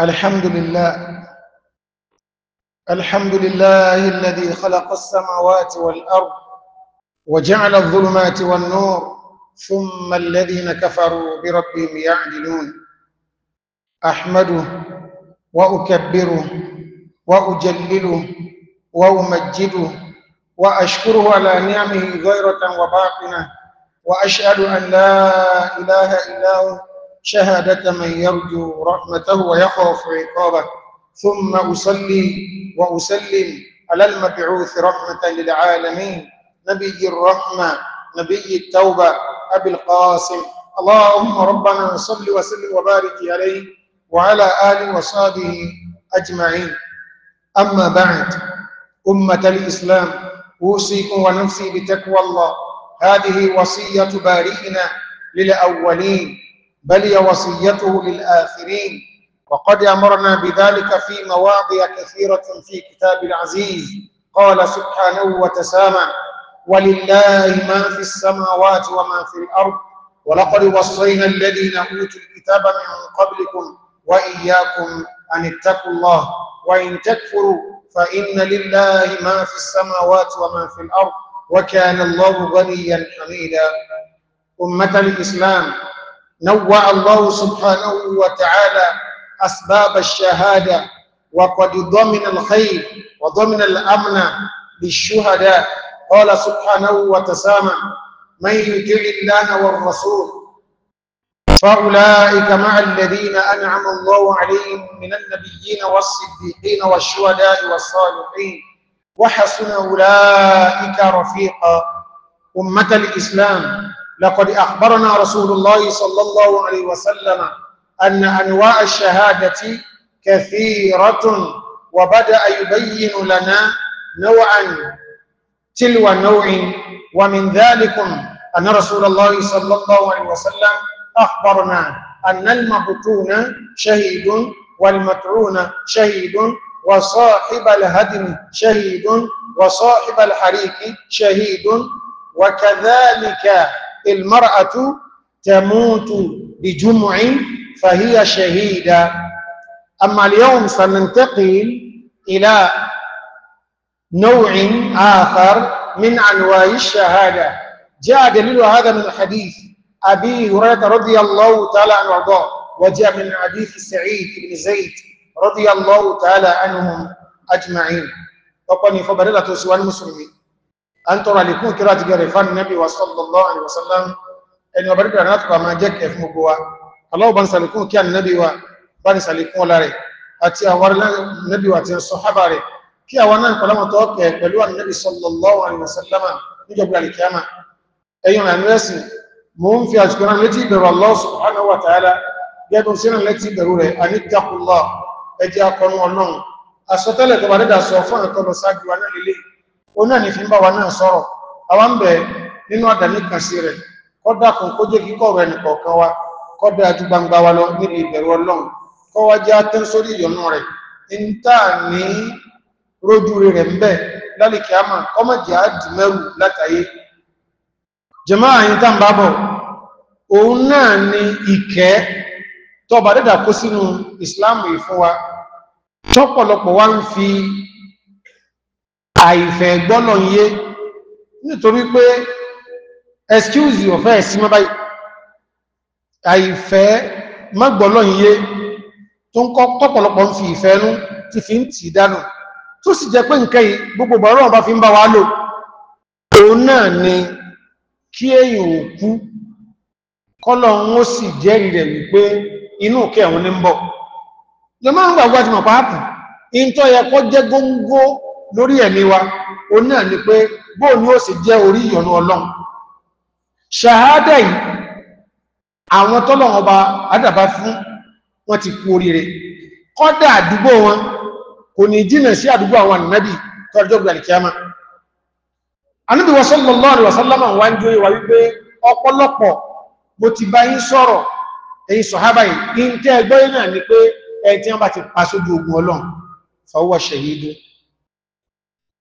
الحمد لله الحمد لله الذي خلق السماوات والأرض وجعل الظلمات والنور ثم الذين كفروا بربهم يعدلون أحمده وأكبره وأجلله وأمجده وأشكره على نعمه غيرة وباطنة وأشهد أن لا إله إلا هو شهادة من يرجو رحمته ويخاف عقابه ثم أصلي وأسلم على المبعوث رحمة للعالمين نبي الرحمة نبي التوبة أبي القاسم اللهم ربنا صل وسلم وبارك عليه وعلى آله وصحبه أجمعين أما بعد أمة الإسلام أوصيكم ونفسي بتقوى الله هذه وصية بارئنا للأولين بل هي وصيته للآخرين وقد أمرنا بذلك في مواضع كثيرة في كتاب العزيز قال سبحانه وتسامى ولله ما في السماوات وما في الأرض ولقد وصينا الذين أوتوا الكتاب من قبلكم وإياكم أن اتقوا الله وإن تكفروا فإن لله ما في السماوات وما في الأرض وكان الله غنيا حميدا أمة الإسلام نوع الله سبحانه وتعالى أسباب الشهادة وقد ضمن الخير وضمن الأمن للشهداء قال سبحانه وتسامى من يطع الله والرسول فأولئك مع الذين أنعم الله عليهم من النبيين والصديقين والشهداء والصالحين وحسن أولئك رفيقا أمة الإسلام لقد أخبرنا رسول الله صلى الله عليه وسلم أن أنواع الشهادة كثيرة وبدأ يبين لنا نوعا تلو نوع ومن ذلك أن رسول الله صلى الله عليه وسلم أخبرنا أن المبتون شهيد والمتعون شهيد وصاحب الهدم شهيد وصاحب الحريق شهيد وكذلك المرأة تموت بجمع فهي شهيدة أما اليوم سننتقل إلى نوع آخر من أنواع الشهادة جاء دليل هذا من حديث أبي هريرة رضي الله تعالى عنه وارضاه وجاء من حديث سعيد بن زيد رضي الله تعالى عنهم أجمعين وقال فبرلة سؤال المسلمين a ń tọrọ àlékún kíra ti gẹ̀rẹ̀ fún Ànábì wa sallallahu alaihi wasallam ẹni ọba ríkà náà tukọ̀ máa jẹ́ kẹ fún gbogbo wa Allahu bá ń sàlékún kí Ànábì wa bá ní sàlékún ọlá rẹ̀ àti àwọn Ànábì wa ti ń sọ hábà rẹ̀ kí àwọn náà kọlọ́mọ̀ tó kẹ pẹ̀lú Ànábì sallallahu alaihi wasallam níjọba àlìkíyàmà ẹ̀yìn rẹ̀ nírẹ́sìn mo ń fi ona ni fi ba naa na soro awan be ninu adani kan si re ko da kun ko je ki ko re ni kokan wa ko be aju gbangba wa lo ni bi beru ko wa je atin sori yonu re inta ni roju re re nbe lali kiyama ko ma je adi meru lataye jamaa yin tan ba bo oun ni ike to ba deda ko sinu islam yi fun wa tọpọlọpọ àìfẹ́ gbọ́nà yé nítorí pé excuse your fẹ́ sí mọ́bá àìfẹ́ mọ́gbọ́nà yé tó ń kọ́ tọ́pọ̀lọpọ̀ ń fi ìfẹ́ nú ti fi ń tì dánù tó sì jẹ́ pé nǹkan yìí gbogbo bọ̀rọ̀ bá fi ń bá wa lò òun náà ni kí èyàn ò kú kọ́lọ̀ ń ó sì jẹ́rìí rẹ̀ wípé inú kẹwọn ní ń bọ̀ lọ ń gbàgbà ti mọ̀ pàápù in yẹ kọ́ jẹ́ góńgó lórí ẹ̀mí wa o náà ni pé bóò ni ó sì jẹ́ orí ìyọ̀nà ọlọ́run ṣàhádà yìí àwọn tọ́lọ̀wọ̀n ọba adàbá fún wọn ti kú oríire kọ́dà àdúgbò wọn kò ní jìnà sí àdúgbò àwọn ànábì tọ́jọ́gbà alìkíyàmá Ànábì wa sallallahu wọ́n bá ti pàṣójú ogun ọlọ́run fa huwa shahidun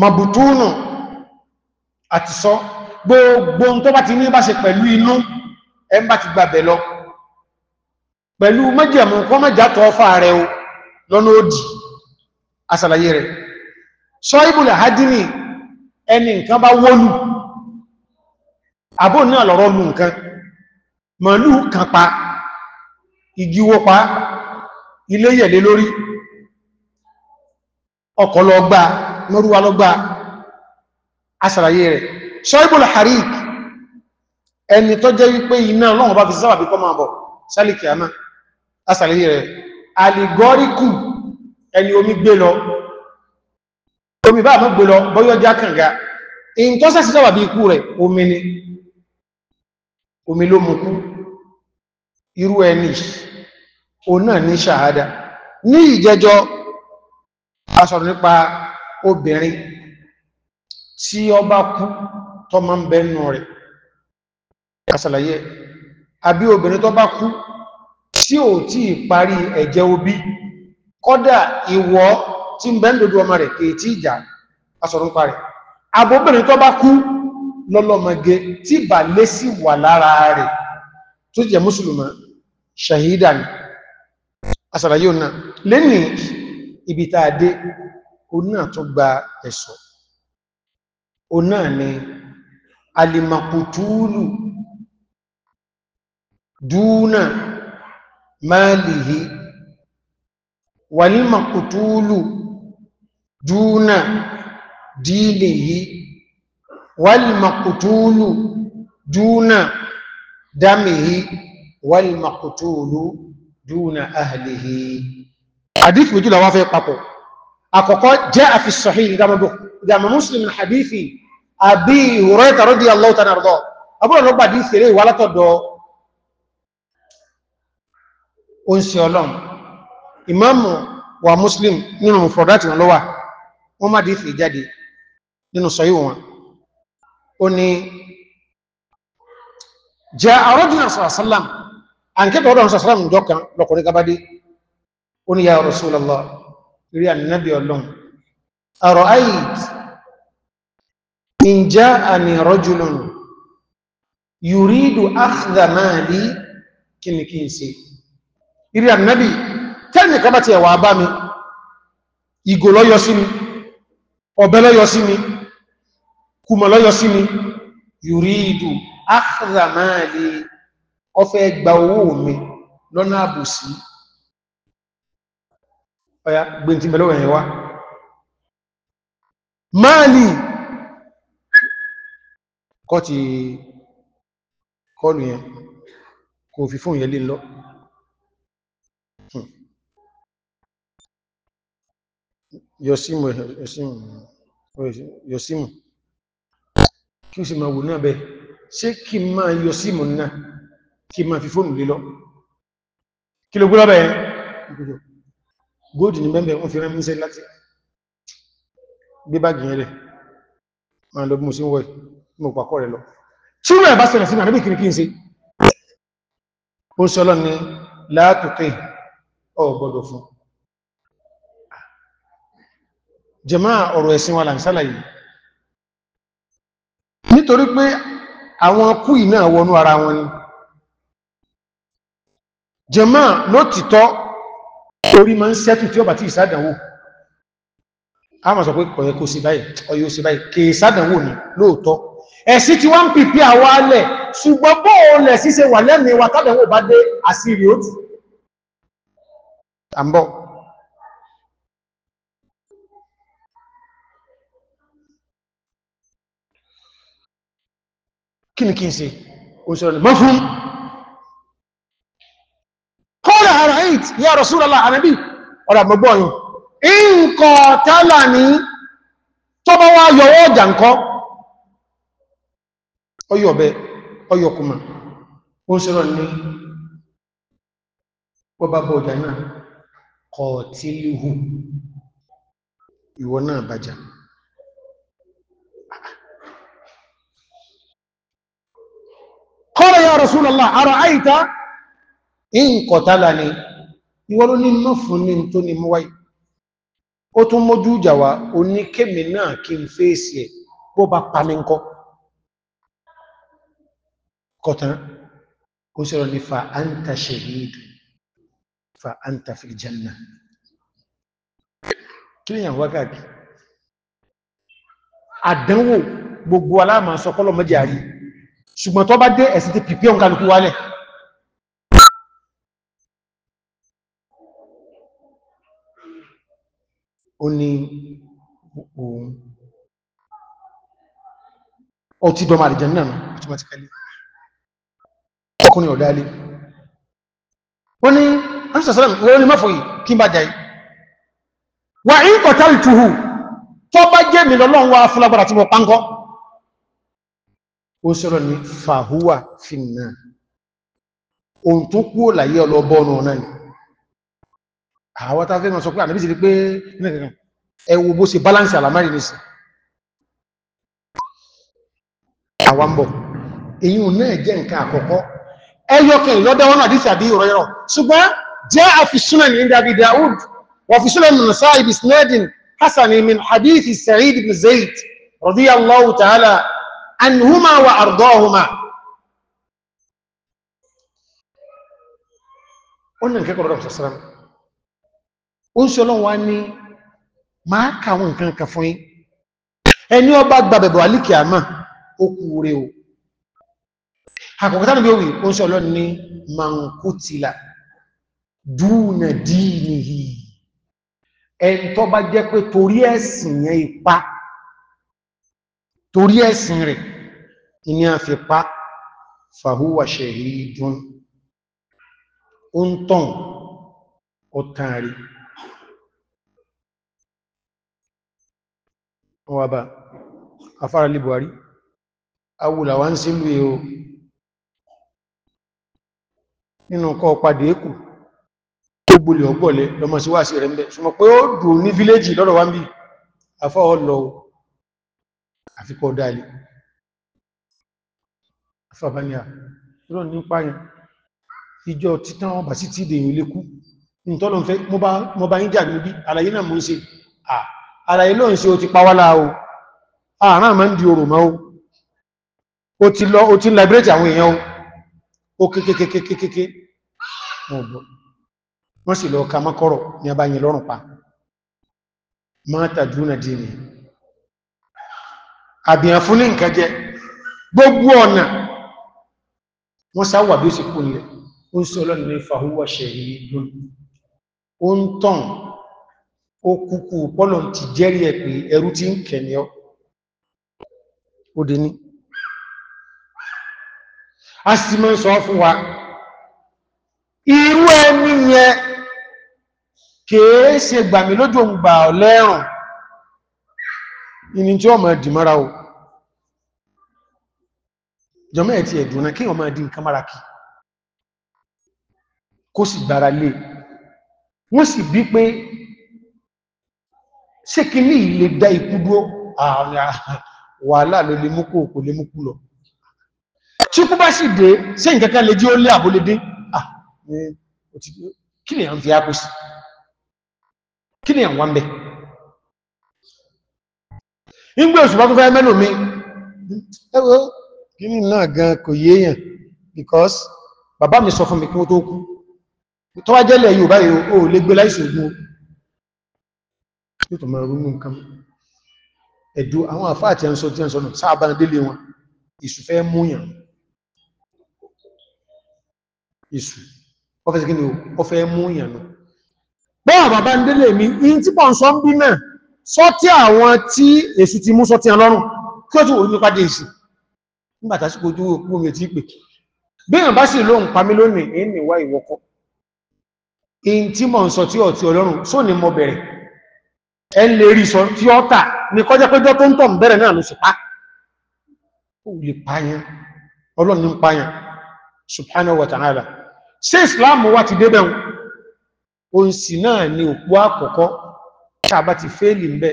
mọ̀bùtúnù àti sọ gbogbo tó bá ti ní bá ṣe pẹ̀lú inú ẹn bá ti gbàbẹ̀ lọ pẹ̀lú mẹ́jẹ̀mú kọ́ mẹ́jà tọ́ fà rẹ̀ o lọ́nà òdì asàlàyé rẹ̀ sọ ibùlẹ̀ hadini ẹni nǹkan bá wọ́lù àbò náà lọ́rọ̀ lù nǹkan màálù kan pa pa ilé lórí ọkọ̀ mọ́rúwa ló gba aṣàlàyé rẹ̀ ṣọ́ìbùl harik ẹni tó jẹ́ wípé iná ọlọ́run bá fi sábà bí kọ́ máa bọ̀ sálìkì àmà aṣàlàyé rẹ̀ aligọ́ríkù ẹni omi gbé lọ omi bá mọ́ gbé lọ bọ́yọ́ já kànga in tó sẹ́sì sábà bí ikú rẹ̀ omi ni omi ló mú irú ẹni òun náà nípa obìnrin tí ó bá kú tó máa ń bẹnu rẹ̀ àṣàlàyé àbí obìnrin tó bá kú tí ò tí ì parí ẹ̀jẹ̀ obi kọ́dà ìwọ tí ń bẹ́ẹ̀ lòdó ọmọ rẹ̀ kèé tí ìjà asọ̀rọ̀ ń parẹ̀ abóbìnrin tó bá kú lọ́lọ́mọge tí bà lé sí wà lára rẹ̀ tó jẹ́ mùsùlùmá ṣàhídà ni àṣàlàyé ọ̀nà ibi tàà dé òun náà tó gba ẹ̀sọ̀ òun náà ni alimakutulu dúnà máàlìhì walimakutulu dúnà dílìhì walimakutulu dúnà dámìhì walimakutulu dúnà ahìlìhì àdífì méjìlá fẹ́ papọ̀ àkọ́kọ́ jaa fi sahih ìdàmà muslim hadithi abi hurairah radiyallahu ta'ala anhu abúrò ló gbàdí ìfèrè ìwà látọ̀dọ̀ oúnṣẹ́ ọlọ́run ìmáàmù wa muslim nínú mufrodati wọn lọ́wà wọ́n má dìí fèé jáde nínú sọ yíò wọn ó ní jẹ́ àrọ́dúnà sàrásálàm àǹkẹ́tọ̀ rí ànábì ọlọ́run àrọ̀ ayit ìjá àmì rọ́jùlọ́nù yùrídù áfdà máa lè kìnnìkìí sí rí ànábì tẹ́lì kọba ti ẹ̀wà bá mi ìgò lọ́yọ sí mi ọ̀bẹ lọ́yọ sí mi kùmọ̀ lọ́yọ sí mi yùrídù áfdà ọfẹ́ gba owó mi lọ́nà àbòsí ọya gbẹ̀ntí mẹ́lọ́ ẹ̀yẹ wá máàlì kọ́ ti kọlù yẹn kò fi fún ìyẹlé lọ hmm. yọsímù yọsímù kí o sì máa wò náà bẹ́ ṣé kí máa yọsímù náà kí máa fi fóònù lé lọ kí ló gbọ́lọ́bẹ̀ yẹn góòdì ní bẹ́ẹ̀ wọ́n fi rán mísẹ́ láti gbé báàgì yẹn rẹ̀ máa lọ bí mo sí wọ́ mọ̀ pàkọ́ rẹ̀ lọ ṣúrù ẹ̀ bá sọ̀rọ̀ sí àríbì kìrìkì sí ó sọ́lọ́ ni látòkè ọgbọ́dọ̀ fún jẹmá ọ̀rọ̀ ẹ̀sìn wa làǹsálà yìí lótìtọ́ orí máa ń sẹ́tù tí ó bá ti ìsádànwò a máa sọ pé kò yẹ kó sí báyìí ọyọ́ sí báyìí kì í sádànwò ní lóòótọ́ ẹ̀sí tí wọ́n ń pìpì àwọ alẹ̀ ṣùgbọ́n bó o lẹ̀ ṣíṣe wà lẹ́nu wa tádànwò bá dé àṣírí ó tù àmbọ̀ kí ni kí n ṣe òṣèlú mọ́ sa'id ya Rasulullah ànábì ọ̀rọ̀ àgbọ̀gbọ̀yìn ǹkọ̀ tààlà ní tọ́bọ̀ wá yọwọ́ ọjà ọ̀bẹ ọyọ̀bẹ ọyọ̀kùnmà ó ń sọ́rọ̀ ní bọ́bá bọ́ ọjà náà kọ̀ tí líhù ìwọ náà bàjá qala ara Rasulullah ara'ayta in ìwọ́n ló ní mọ́ fún ní tó ní mọ́ wáyé ó tún mójú ìjàwá oníkèmì náà kí n fèsì ẹ̀ bó bá pami ńkọ́ kọ̀tán ó sọ̀rọ̀ ní fa anta shahidu fa anta fil janna kí ni àwọn wákàtí àdánwò gbogbo aláàmà sọkọ́lọ̀ mọ́jà rí ṣùgbọ́n tó bá dé ẹ̀sìn ti pìpì ó ní òun ọtí dọ́mà àdìjẹ́ náà automatically ọkùnrin ọ̀dá ilé wọ́n ní ansàsàlẹ̀ wọ́n ni mọ́fọ̀ yìí kí n bá jẹ́ wà ní kọ̀tà ìtuhù tó bá jẹ́ mi lọ́lọ́run wá fúlagbára tí mo pánkọ́ ó sọ̀rọ̀ ní fàhúwà fìnnà ohun tó kú ò láyé ọlọ́bọ́ọ̀nù náà àwọn tàbí ma sọ pé ànàbí sí rí pé ẹ wo bó ṣe balance alamari ní sí àwọn bọ̀ èyí ò náà jẹ́ nǹkan àkọ́kọ́ ẹyọkẹ̀ ìlọ́dẹ́wọ́n náà dísà bí ìrọ̀ ṣùgbọ́n jẹ́ àfisúnà ní Abi Dawud wà fisúnà ní nasa'i bisnadin hasan min hadithi Sa'id ibn Zayd radiyallahu ta'ala anhuma wa ardahuma wannan kekọrọ da ó ń sọ́lọ́ wa ní máa kàwọn nǹkan kan fún yín ẹni ọba gbàbẹ̀bọ̀ alíkì àmà ó kú rẹ o àkọ̀kọ̀tà níbi òwì ó ń sọ́lọ́ ní mankutila dúnà dínìhì ẹni tó bá jẹ́ pé torí ẹ̀sìn yẹn ipa torí ẹ̀sìn rẹ̀ ìní àfipá fàhúwà ṣẹ̀rí dún ó ń tàn ọ̀tàn rí ọwà bá afára lè buhari awùlà wá ń sí lú èo nínú kọ padà èkù tó gbolè ọgbọ̀lẹ̀ lọmọ sí wáṣí rẹ̀ mẹ́ ṣùgbọ́n pé ó dùn ní fíléjì lọ́rọ̀ wá ń bí afọ́ọ̀ lọ àfikọ́ dáàlẹ̀ afọ́báníà àlàyé ló ń ṣe o ti pawálá o ààrán àmọ́ ń di orò mọ́ o ti lọ o ti ń liberate àwọn èèyàn o kékékékékékéké wọ́n sì lọ ka mọ́kọ́rọ̀ ní abáyẹ lọ́rùn pa máa tàdúnà dìní àbìyàn fún ní nǹkan jẹ gbogbo ọ̀nà wọ́n sáwà bí ó sì kú ó ń sọ lọ́nà ní fàhúwà ṣẹ̀rí lónìí ó ń tàn ó kúkú pọ́lọ̀ ti jẹ́rí ẹ̀ pé ẹrú ti ń kẹ̀ ní ọ́ ó dé ní a sì mọ́ sọ fún wa irú ẹni yẹn kèé ṣe gbàmí lójú òun lẹ́rùn ìní tí ó mọ̀ dì mọ́ra o jọmọ́ ẹ̀ ti ẹ̀dùn náà kí wọ́n máa di kí kó sì gbára lé wọ́n sì bí pé ṣé kí ní ilé dá ikú dúó ààrùn wàhálà ló lè múkú kò lè múkú lọ tí kú bá sì dé ṣé nǹkankan lè jí ó lé àbólé dé kí ni à ń fi ápò sí kí ni à ń wá ń bẹ ìgbé oṣù bá tó fẹ́ mẹ́lò mi ẹwọ́ kí ni náà gan kò yéèyàn because bàbá mi sọ fún mi kí wọ́n tó kú tọ́wájẹ́lẹ̀ yóò báyìí ó lè gbé láìsí ogun yóò tó máa ronú nǹkan ẹ̀dù àwọn àfá àti ẹnsọ tí ẹnsọ náà sáàbá délé wọn ìsù fẹ́ múyàn ìsù ọfẹ́sì kí ni ó fẹ́ múyàn nù bọ́n bàbá délé mi in tí pọ̀ ń sọ ń bí náà sọ tí àwọn tí èsù ti mú sọ tí ọlọ́run kí ó tún orí nípa dé ìsù nígbàtà sí kojú òkú omi tí pè bí èèyàn bá sì lóhun pa mí lónìí èyí ni wá ìwọkọ in tí mọ̀ ń sọ tí ọ̀tí ọlọ́run só ni ẹ ń lè rí sọ tí ó tà ní kọjá péjọ tó ń tọ̀ ń bẹ̀rẹ̀ náà ló sì pa ó lè pààyàn ọlọ́run ní pààyàn subhanahu wa ta'ala ṣé ìsìláàmù wa ti débẹ̀ òun sì náà ni òpó àkọ́kọ́ tá a bá ti fẹ́ẹ̀lì ń bẹ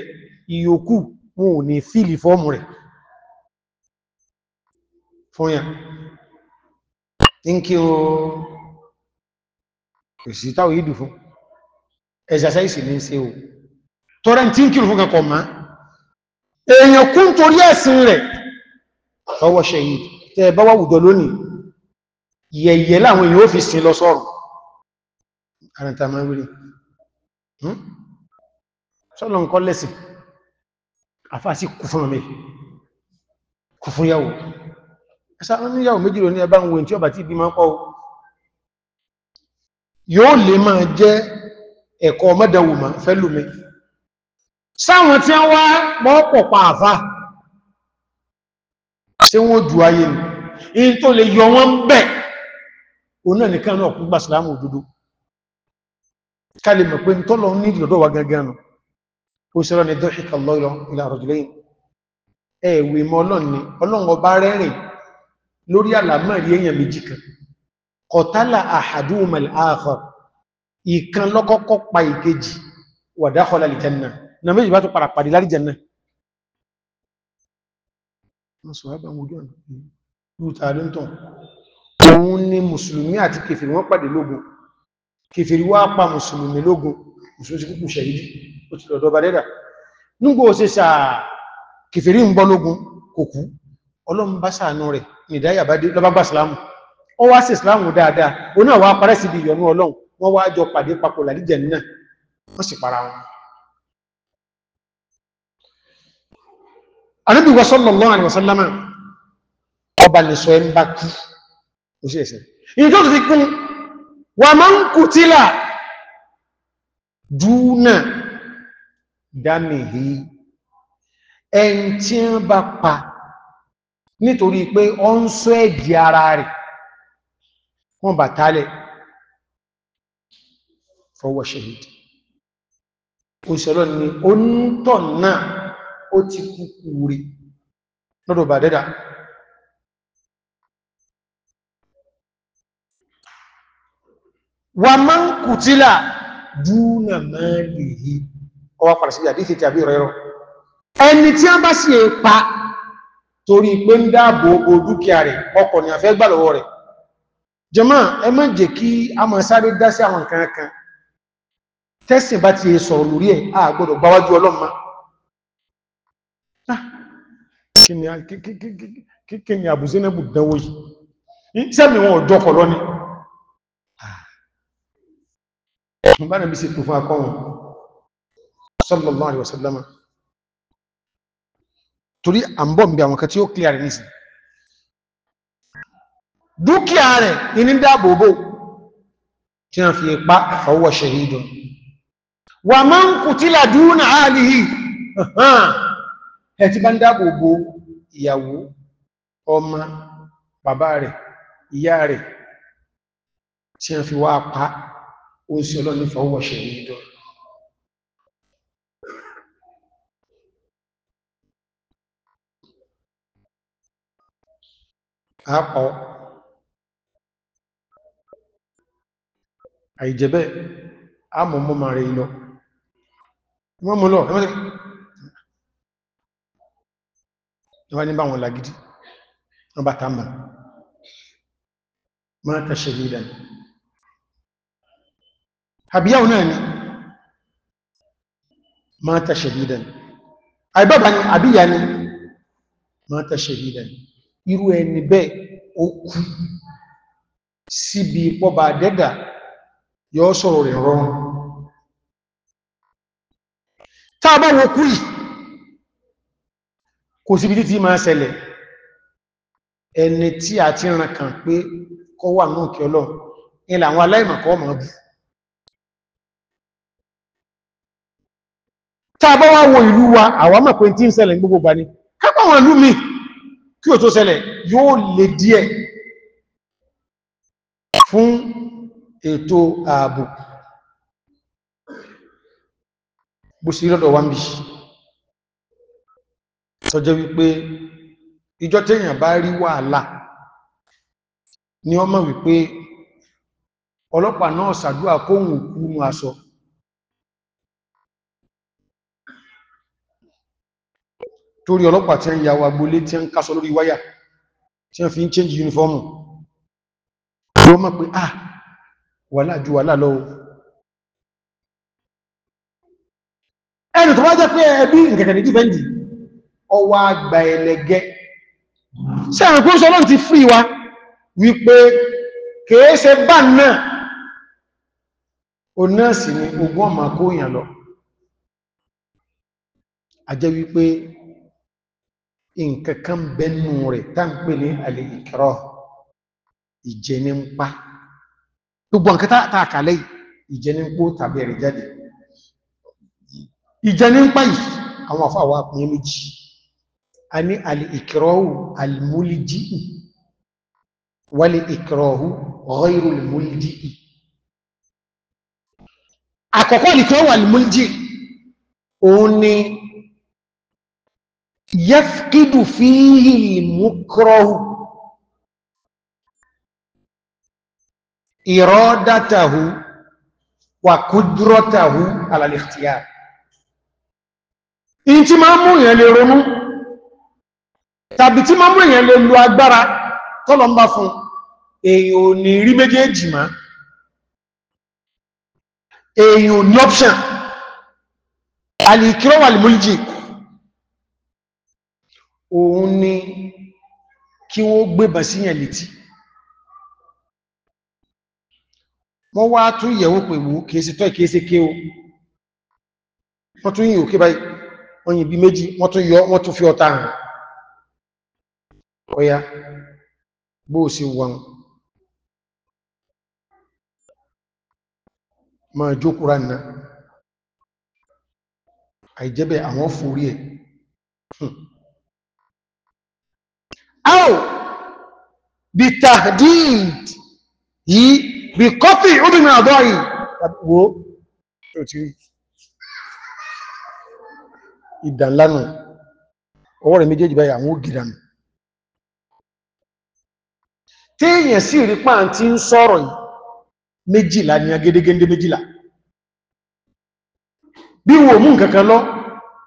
ìyókù wọn ò ní fíìlì fọ́ọ̀mù rẹ̀ fún yàn ní kí ṣe o tọ́rẹ tí ń kìrù fún kankan ma èèyàn kún torí ẹ̀sìn rẹ̀ ọwọ́ ṣẹ̀yìn tẹ́ bá wà wùdọ lónìí yẹ̀yẹ̀ láwọn èèyàn ó fi sin lọ sọ́rùn àrẹ̀ta máa wílé hmm? sọ́lọ nǹkan lẹ́sìn àfáàsí kù fún mi kù fún yàwó yóò lè máa jẹ́ ẹ̀kọ́ ọmọdàwò máa fẹ́ lùmí sáwọn tí wọ́n wá pọ́pọ̀ pa àfá ṣé wọ́n jù ayé ni in tó lè yọ wọ́n bẹ̀ òun náà nìkan náà kú gbà sílámù òdodo kálẹ̀ mọ̀ pé tọ́lọ ní ìdọ̀dọ̀ wa gangan nù ó sẹ́rọ ni dọ́ṣíkà lọ́yọ ilẹ̀ àrọ̀jùlẹ́yìn ẹ̀wì mọ́ ọlọ́run ni ọlọ́run ọba rẹ́rìn lórí àlàmọ́rí èèyàn méjì kan kọ̀tálà àhàdúmọ̀lì àhọ̀ ìkan lọ́kọ́kọ́ pa ìkejì wàdákọ́lá lìjẹ́ náà na méjì bá tún padà pàdé láríjẹ náà wọ́n sọ ẹgbà ojú ọ̀nà lúta lóntọ̀ òun ni mùsùlùmí àti kèfèrí wọ́n pàdé lógun kèfèrí wá pa mùsùlùmí lógun mùsùlùmí sí kúkú ṣẹ̀yìdì ó ti lọ́dọ̀ balẹ́dà nígbò ó ṣe sàá kèfèrí ń bọ́ lógun kò kú ọlọ́run bá ṣàánú rẹ̀ nìdáyà bá dé lọ́bá gbà sílámù ó wá sí ìsìláàmù dáadáa ó náà wá parẹ́ síbi ìyọnú ọlọ́run wọ́n wá jọ pàdé papọ̀ làlíjẹ̀ náà wọ́n sì para wọn ànábì wa sallallahu alaihi wasallam ọba lè sọ ẹn bá kú oṣù ẹ̀sẹ̀ ìjọ́ ti kún wà máa ń kú tílà dúnà dámìhì ẹn tí ń bá pa nítorí pé ọ ń sọ ẹ̀jẹ̀ ara rẹ̀ wọ́n bà tálẹ̀ fọwọ́ ṣehìdì òṣèlú ni ó ń tọ̀ náà ó ti kúkú rí lọ́dọ̀ bà dẹ́dà wà máa ń kùtílà dúnà máa lè yí ọwá padà sí àdífẹ́ tàbí rẹ̀rọ ẹni tí a bá sì è pa torí pé ń dáàbò bo rẹ̀ ọkọ̀ ni a fẹ́ gbà lọ́wọ́ rẹ̀ jàmá ẹ má jẹ́ kí a máa sáré dá sí àwọn nǹkan kan tẹ́sìn bá ti sọ̀rọ̀ lórí ẹ̀ a gbọ́dọ̀ gbáwájú ọlọ́mọ Ah! kí ni àbùsí nẹ́bù dánwò yìí sẹ́mi wọn ọjọ́ kọ̀ lọ́ni ah! ọ̀sùn bá nàbí sí tó fún akọ́wọ̀n sallallahu alaihi wasallam torí à ń bọ̀ bí àwọn kan tí ó clear rẹ̀ nísìn dúkìá rẹ̀ ní dáàbòbò tí wọ́n fi pa fọwọ́ shahidun wa man qutila duna alihi ẹ ti bá ń dáàbò bo ìyàwó ọmọ bàbá rẹ̀ ìyá rẹ̀ tí wọ́n fi wá pa ó sí ọlọ́ni fọwọ́ ní ìdọ́ àpọ̀ àìjẹ̀bẹ́ àmọ̀mọ́mà rẹ̀ ìlọ mọ́mọ́lọ́ ẹ̀mọ́sẹ̀kẹ́ wọ́n ní báwọn lagidi wọ́n bá tàmbà mọ́ta ṣerídàn àbíyàwó náà ni mọ́ta ṣerídàn àìbábà ni àbíyà ni mọ́ta ṣerídàn irú ẹni bẹ́ẹ̀ ó kú síbi pọ́bà dẹ́dà yọ́ sọ̀rọ̀ rẹ̀ rọrùn tábọ̀wọ̀ kú yìí kò síbi títí máa ṣẹlẹ̀ ẹni tí a ti ràn kàn pé kọ́ wà náà kí ọlọ́ ilẹ̀ àwọn aláìmọ̀kọ́ mọ̀ bú tàbá wá wo ìlú wa àwa mọ̀ pé tí ń ṣẹlẹ̀ gbogbo gbà ní kápá wọn ìlú mi kí o tó ṣẹlẹ̀ yóò lè díẹ̀ fún ètò ààbò bó sì lọ́dọ̀ wa ń bí i sọjọ́ wípé ìjọ téèyàn bá rí wàhálà ni ọmọ wípé ọlọ́pàá náà ṣàdúrà kóhùn òkú mú aṣọ torí ọlọ́pàá tí ń ya wa gbolé tí ń kásọ lórí wáyà tí ń fi ń change uniform ló mọ̀ pé ah wàhálà ju wàhálà lọ́wọ́ ẹni tó wá jẹ́ pé ẹbí ìkẹ̀kẹ̀ ní ọwọ́ àgbà ẹlẹ́gẹ́ sí àwọn ìpínlẹ̀ ọlọ́run ti fún ìwá wípé kèése bá náà o náà sì ni ogun ọmọ kó èèyàn lọ a jẹ́ wípé nkankan bẹnu rẹ̀ tá ń pè ní alẹ́ ìkẹrọ ìjẹni ń pa gbogbo nǹkan tààkàlẹ̀ ìjẹni ń pó tàbí ẹ̀rẹ̀ jáde ìjẹni ń pa yìí àwọn àfáà wà pín méjì a ní alìkìrọ́hù alìmúlìjìí wálé ìkìrọ́hù ọ̀hìrù alìmúlìjìí àkọ́kọ́ alìkìrọ́hù alìmúlìjìí òun ni yẹ́fkídù fíhì múkìrọ́hù ìrọ́dátàhù wà kúdúrọ́tàhù in ti máa mú ìyẹn lè ronú tàbí tí máa mú èèyàn lè lo agbára tọ́lọ ń bá fún èèyàn ò ní rí méjèèjì má èèyàn ò ní option alìkírọ́wà lèmúlìjì òun ni kí wọ́n gbébà sí yẹn létí wọ́n wá tún yẹ̀wò pẹ̀lú kìí ṣe tọ́ ìkìí ṣe kéo wọ́n tún yìí òkè báyìí wọ́n yìí bí méjì wọ́n tún yọ wọ́n tún fi ọta hàn ọya bó o sì wọn máa jókòrá nà àìjẹ́bẹ̀ àwọn fòrí ẹ̀ áò bí tàdíìd yìí bí kọ́fì obìnrin àdọ́ yìí wo ìdànlánà ọwọ́ rẹ̀ méjèèjì báyìí àwọn ògìdànù téèyàn sì rí pàà tí ń sọ̀rọ̀ yìí méjìlá ni agédégéndé méjìlá bí wo mú nǹkankan lọ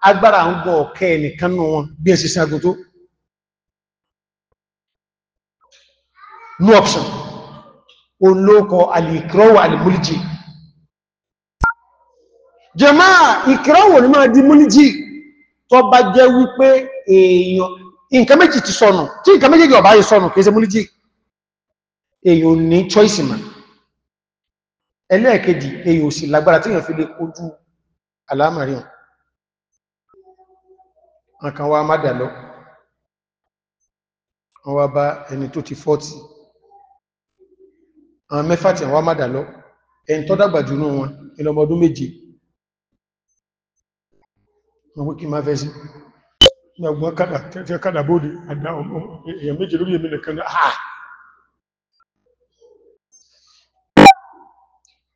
agbára ń gbọ́ ọ̀kẹ́ ẹnìkan nù wọn bí ẹ sì sáàgùn tó no option olóòkọ alìkírọ́wà alìmúlìjì jàmáà ìkírọ́wà ní máa di múlìjì tó bá jẹ́ wípé èèyàn nǹkan méjì ti sọnù tí nǹkan méjì ọ̀bá yìí sọnù kìí ṣe múlìjì èyàn ní choice ma ẹlẹ́ẹ̀kejì èyàn sì lágbára tí èyàn fi lè kojú alámàríàn nǹkan wa má dàlọ́ wọ́n wá bá ẹni tó ti 40 àwọn mẹ́fà tí wọ́n má dàlọ́ ẹni tó dàgbà jù náà wọn ìlọmọdún méje wọ́n wíkí máa fẹ́ sí gbogbo kádà bóde àdá èyàn méje lórí èmì nìkan náà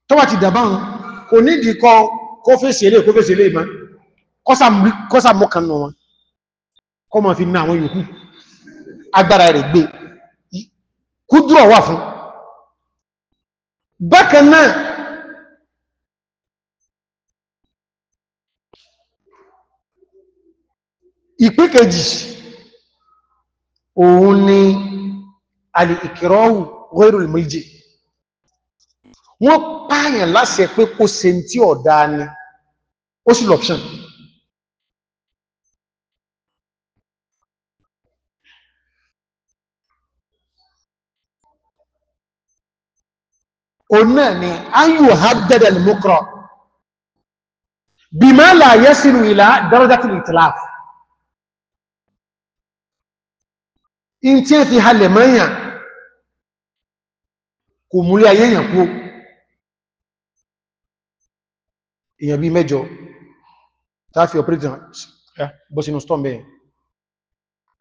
tó wà ti dàbáhùn kò nídìí kọ kó fèsì ilé kó fèsì ilé ìmá kọ́sà mọ́kànnà wọn kọ́ ma fi ná àwọn yòókù agbára rẹ̀ gbé kúdúrọ̀ wà fún bákan náà ìpínkejì òun ni alìkìrọ́hù ghairul mulji wọ́n pààyàn láṣẹ pé kó ṣe tí ọ̀dá ni ó sì lọ́pṣàn òun náà ni ayù haddada al-mukra bima la yasilu ila darajati al-itlaf in tí ẹ fi halẹ̀ mọ́yàn kò múlé ayéyàn kú èèyàn bí mẹ́jọ tàfi operation bọ́ sínú storm bẹ́ẹ̀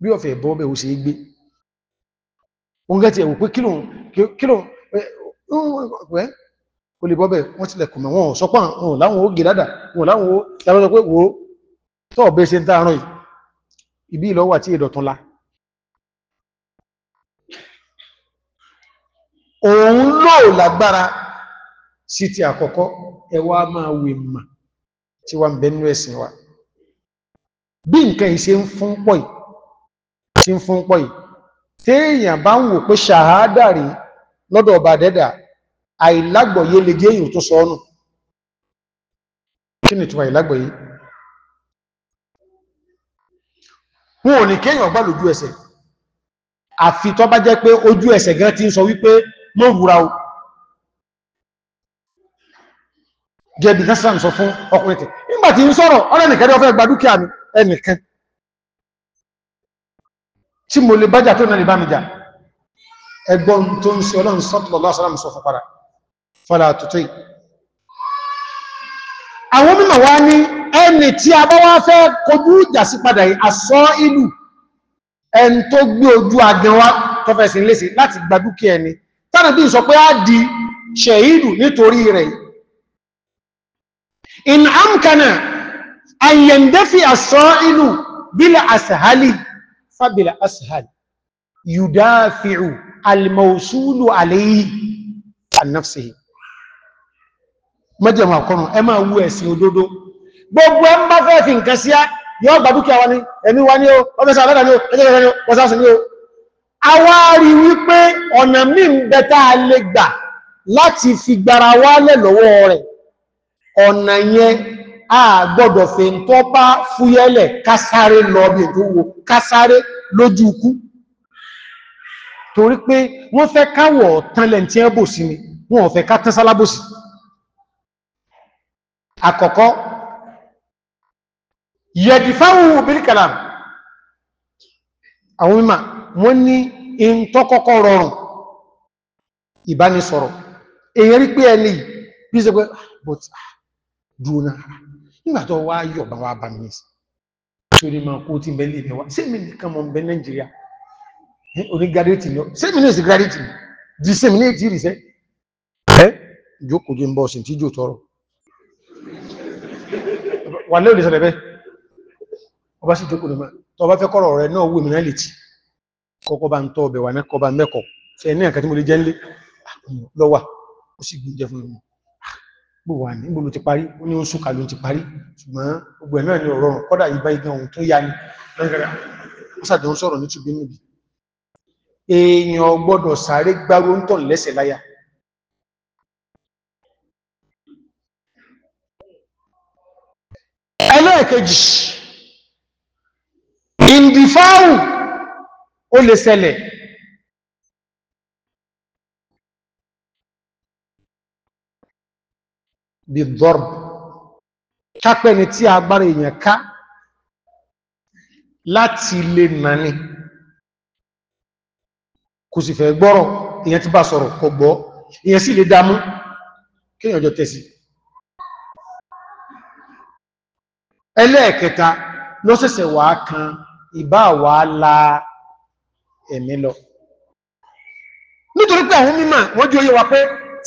bí ọ̀fẹ́ bọ́ bẹ̀ ó sì gbé oun gẹ́ti ẹ̀wò pé kílò o lè bọ́bẹ̀ wọ́n ti lẹ̀kùn mẹ́ wọn sọpá wọn láwọn ó gẹ̀dádà wọn láwọn ó tàbí pé wo tọ́ bẹ́ ṣe ń tààrùn ìbí ìlọ́wà tí ìdọ̀tún la òun lóò lágbára Siti ti àkọ́kọ́ ẹwà máa wè mà tí wà ń bẹ nínú ẹ̀sìn wa bí nǹkan ìṣe ń fún pọ̀ yìí tí ń fún pọ̀ yìí téèyàn bá ń wò pé ṣàhádà rí lọ́dọ̀ ọba dẹ́dà àìlágbọ̀yé lè gé èyàn tó sọ ọ́nù kí ni ìtumọ̀ àìlágbọ̀yé wọn ò ní kéèyàn gbà lójú ẹsẹ̀ àfi tó bá jẹ́ pé ojú ẹsẹ̀ gan ti ń sọ wípé mọ́ wúra o jẹbi kásán sọ fún ọkùnrin kẹ nígbà tí ń sọ̀rọ̀ ọ̀rẹ́ nìkan ní ọfẹ́ gba dúkìá mi ẹnìkan tí mo lè bájà tó náà lè bá mi jà ẹgbọ́n tó ń ṣe ọlọ́run sallallahu alaihi wasallam sọ fún padà fọ́lá tuntun yìí àwọn mímọ̀ wá ní ẹni láti gba ẹni tánà sọ pé á di ṣẹ̀hídù nítorí rẹ̀ إن أمكن أن يندفع السائل بلا أسهل فبلا أسهل يدافع الموصول عليه عن نفسه mẹ́jẹ̀ máa kọ́nù ẹ máa wú ẹ̀sìn òdodo gbogbo ẹ ń bá fẹ́ fi nǹkan sí á yọ́ gbà dúkìá wa ní ẹ̀mí wa ní o ọmọdésà alẹ́dà ní o ẹjẹ́gẹ́gẹ́ ní o wọ́sásì ní o a wá rí wípé ọ̀nà míì ń bẹ tá a lè gbà láti fi gbara wálẹ̀ lọ́wọ́ rẹ̀ ọ̀nà yẹn a gbọ́dọ̀ fẹ́ tó bá fúyẹ́lẹ̀ kásáré lọ bí tó wo kásáré lójú ikú torí pé wọ́n fẹ́ káwọ̀ tánlẹ̀ tí ẹ bò sí ni wọ́n fẹ́ ká tán sálábòsí àkọ́kọ́ yẹ̀dìfáwò bíríkàlà ìbánisọ̀rọ̀ èyàn rí pé ẹni bí i ṣe pé ah, but ah, dúnà nígbàtọ̀ wá yọ̀ bá wá bá mi sórí ma kó tí bẹ́lẹ̀ ìbẹ̀wá sẹ́mi nìkan mọ̀ bẹ́ Nàìjíríà oní gádẹ́tì lọ sẹ́mi náà sí gádẹ́tì di sẹ́mi náà ti rí sẹ́ ẹ́ jókòó jẹ́ ń bọ́ sí tí jò tọrọ wà lẹ́ò lè sẹ́lẹ̀ bẹ́ ọba sì jókòó lọ́mọ tó ọba fẹ́ kọ́rọ̀ rẹ̀ náà wù mí náà lè ti kọ́kọ́ bá ń tọ́ ọbẹ̀ wà náà kọ́ bá mẹ́kọ̀ọ́ sẹ́ni àkàtí mo lè ah, lọ́wà ó sì gbìyànjẹ fún mi gbò wà ní gbòlò ti parí ó ní oṣù kàlò ti parí ṣùgbọ́n gbogbo ẹ̀ náà ni ọ̀rọ̀ rùn kọ́dà ìbá igan ohun tó ya ni lọ́gbẹ̀rẹ̀ ó sàdán sọ̀rọ̀ ní tùbí níbi èèyàn gbọ́dọ̀ sáré gbáró ń tàn lẹ́sẹ̀ láyà ẹlẹ́ẹ̀kejì ìndìfáù ó lè ṣẹlẹ̀ bí dọ́rb kápẹ́ ni tí agbára èèyàn ká láti lè nani kò sì fẹ́ gbọ́rọ̀ èèyàn ti bá sọ̀rọ̀ kò gbọ́ èèyàn sì lè dámú kéèyàn jọ tẹ̀sí ẹlẹ́ẹ̀kẹta lọ́sẹ̀sẹ̀ wà kan ìbá wà la ẹ̀mí lọ nítorí pé àwọn mímọ̀ wọ́n jí oyé wa pé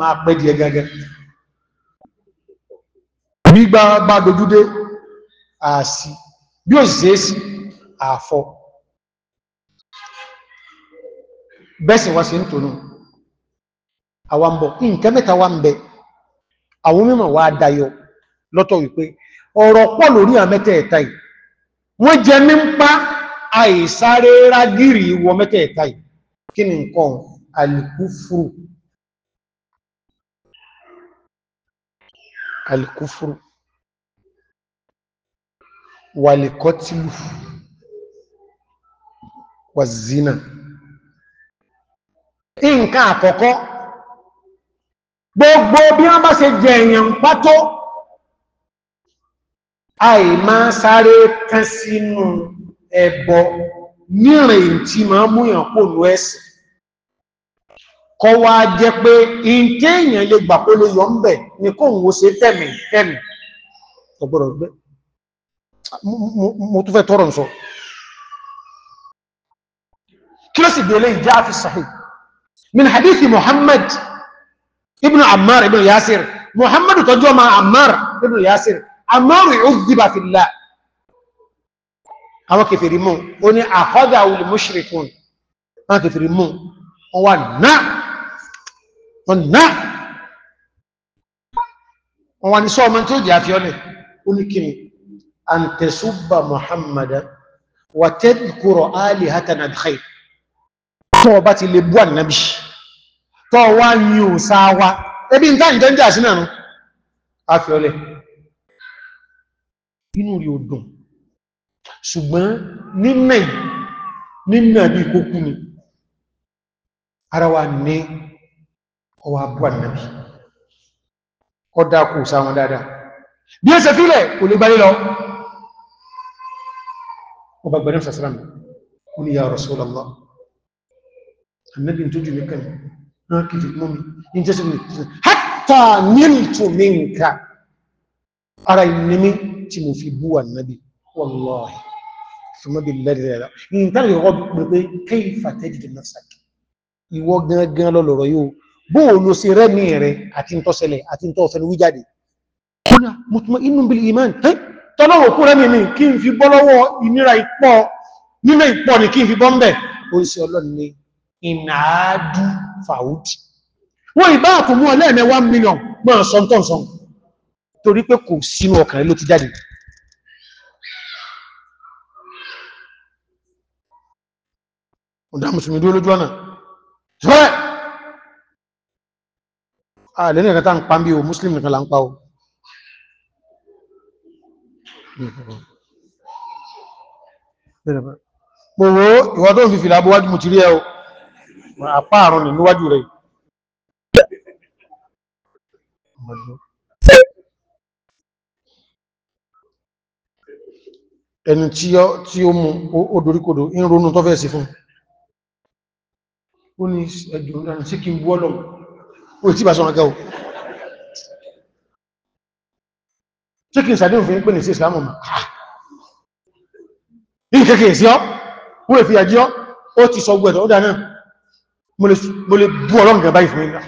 máa pẹ́ díẹ̀ gẹ́gẹ́ gbígbá bá dojúdé àsì bí ó sì sí àfọ́ bẹ́sì wá sí ń tònú àwọn bọ̀ nǹkan mẹ́ta wá ń bẹ àwọn mímọ̀ wá dayọ lọ́tọ̀ wípé ọ̀rọ̀ pọ̀ lórí àmẹ́tẹ̀ẹ̀ta yìí wọ́n jẹ mí ń pa àìsáré rágìrì wọ mẹ́tẹ̀ẹ̀ta yìí kí ni nǹkan àlìkúfúrù alikufuru walikọtilu wazina nǹkan àkọ́kọ́ gbogbo bí wọ́n bá ṣe jẹ èèyàn pátó àìmá sáré kán sínú ẹbọ nírìn tí máa múyàn kò lú ẹ̀sìn kọ wá jẹ́ pé in tí èèyàn lè gbà kó lè yọ ń bẹ̀ ní kó ń wo ṣe tẹ̀mì tẹ̀mì ọgbọ́dọ̀ gbé mo tún fẹ́ tọrọ sọ kí ló sì bí eléyìí já fi sahih min hadithi muhammad ibn ammar ibn yasir muhammad tọ́jú ọmọ ammar ibn yasir ammar udhiba fillah àwọn kèfèrí mú o ní àkọ́dà olùmúṣirikun àwọn kèfèrí mú wọ́n wà náà ọ̀nà wọn wà ní sọ ọmọ tí ó jẹ́ àfi ọlẹ̀ oníkiri àǹtẹ̀súbà Muhammad wà tẹ́kùrọ̀ alì hatan adhai tó ọba ti lè bú ànàbí tó wá ní òsá wa ẹbí ń tàn jẹ́ sí náà inú rí odùn ṣùgbọ́n nínú nínú àbí ìkókù ni ara wa ní ọwọ́ abú ànàbì ọdá kò sáwọn dáadáa bí ẹsẹ̀ fílẹ̀ kò lè gbáyé lọ ọba gbẹ̀rẹ̀ sàsàrán ya Rasulullah annabi tó jù nìkan náà kìí mọ́ mi in jẹ́ sílẹ̀ hátà nílùtù minka ara ìnimi tí mo fi bú annabi wallahi ثم بالله لا ان ترى يغضب كيف تجد نفسك ìwọ yóò bó o lo ṣe rẹ́mí rẹ̀ àti ń tọ́sẹlẹ̀ àti ń tọ́fẹ́nu wíjáde kúnà mutuma inú bí iman tẹ́ tọ́lọ́wọ̀ kú rẹ́mí mi kí n fi bọ́ lọ́wọ́ ìnira ìpọ̀ nínú ìpọ̀ ni kí n fi bọ́ mbẹ̀ ó ń ṣe ọlọ́run ní ìnáàdú fàúdì wọ́n ìbá àkùnmú ọlẹ́ẹ̀mẹ́ 1 million máa ààlẹ́ ah, nìkan tá ń pa ń bí o muslim nìkan là ń pa o gbogbo ìwọ́n tó ń fi fìlà abúwájú mú ti rí ẹ o àpá àrùn ní níwájú rẹ̀ ẹni tí ó mú ó doríkodò ń tó fẹ́ sí fún ó ní ẹjọ́ ìrìnà sí wọ́n tí bá sọ ọ̀gá o tí kí n sàdé òfin pè ní sí ìsìlámù ma ní kéèkéè sí ọ́ wọ́n èfi àjí ọ́ ó ti sọ gbẹ̀tọ̀ ó dá náà mo lè bú ọlọ́run gẹ̀bá ìfún ìlà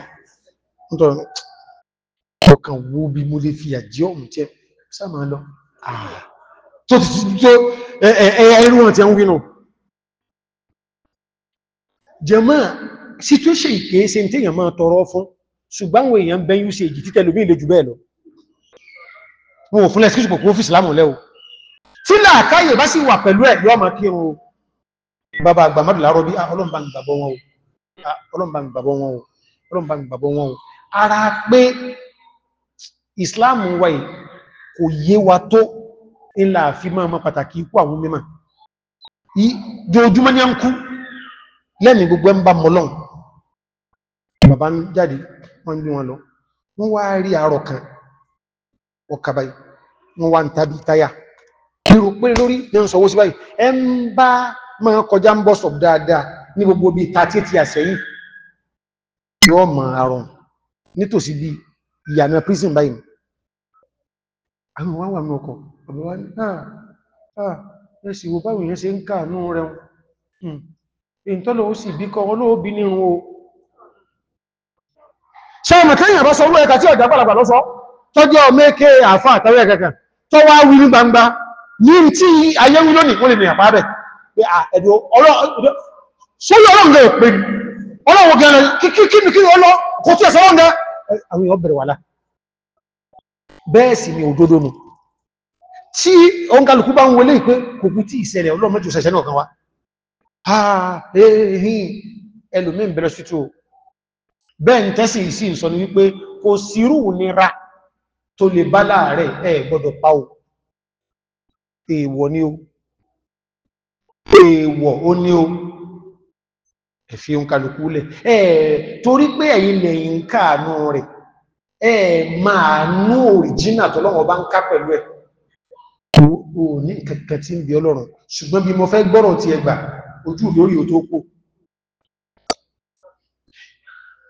nítorí ọkàn wo bí mo lè fi àjí ọ́ mú tẹ́ sáàmà lọ ah! tó ti tó ẹ̀yà irú wọn ti ń wínú jẹ́mọ́ situation ìkéèsè tí èèyàn máa tọrọ fún ṣùgbọ́n àwọn èèyàn bẹ́ usage títẹ̀ lómi ìlejù bẹ́ẹ̀ lọ wọn ò fún lẹ́sí ṣùpọ̀ fún ìsìlámù lẹ́wọ̀ tí làákàyè bá sì wà pẹ̀lú ẹ̀ yọ́ máa kí wọn bàbá àgbàmọ́dù láàárọ̀ bí ah, ọlọ́mbà ń gbàbọ́ wọn o ah, ọlọ́mbà ń gbàbọ́ wọn o ọlọ́mbà ń gbàbọ́ wọn o ara pé ìsìlámù wa bàbá ń jáde wọ́n gbé wọn lọ wọ́n wá rí àárọ̀ kan ọkà báyìí wọ́n wá ń tàbí táyà kírò pé lórí ní ń sọwọ́ sí báyìí ẹ ń bá máa kọjá ń bọ́ sọ̀p dáadáa ní gbogbo bíi tàtí ti àsẹ́yìn tí wọ́n mọ àrùn nítòsí bíi ìyànà prison báyìí àwọn wá wà ní ọkọ̀ ọ̀bẹ wá ní àà ah, ah, ẹ wo báwọn èèyàn ṣe ń kà nù rẹ̀ ń tọ́lọ̀ ó sì bí kọ́ ọlọ́ọ̀bí nírun o sọ́ọ̀mù kéèyàn bá sọ owó ẹ̀ka tí ọ̀dà pàlàpà lọ́sọ́ tọ́jú ọmọ èké àfà àtàwé ẹ̀kẹ́kẹ́ tó wá wí ní gbangba ní tí ayé wí lónìí wọ́n lè ní àpá bẹ̀ sórí ọlọ́ǹgá òpè ọlọ́wọ̀ gẹ̀rẹ̀ kíkíkí kí ọlọ́ kò tí ẹ̀sọ́ ọ̀ǹgá àwọn èèyàn bẹ̀rẹ̀ wàlá bẹ́ẹ̀ sì ni òdodo nù tí ọǹkàlùkú bá ń wọlé ìpé kò kú tí ìṣẹ̀lẹ̀ ọlọ́mọ́jù ṣẹ̀ṣẹ̀ náà kan wá bẹ́ẹ̀ tẹ́sì sí ìsọ ni wípé kò sírù nira tó lè bá láàrẹ̀ ẹ gbọ́dọ̀ pa o èèwọ̀ ni o èèwọ̀ ó ní o ẹ̀fí ń kálukú lẹ̀ ẹ̀ torí pé ẹ̀yin lẹ̀yìn káànú rẹ̀ ẹ̀ máa nú òrìjínà tọ́lọ́wọ́ bá ń ká pẹ̀lú ẹ̀ kò ní kankan tí ń bí ọlọ́run ṣùgbọ́n bí mo fẹ́ gbọ́rọ̀ ti ẹgbà ojú lórí ò tó kù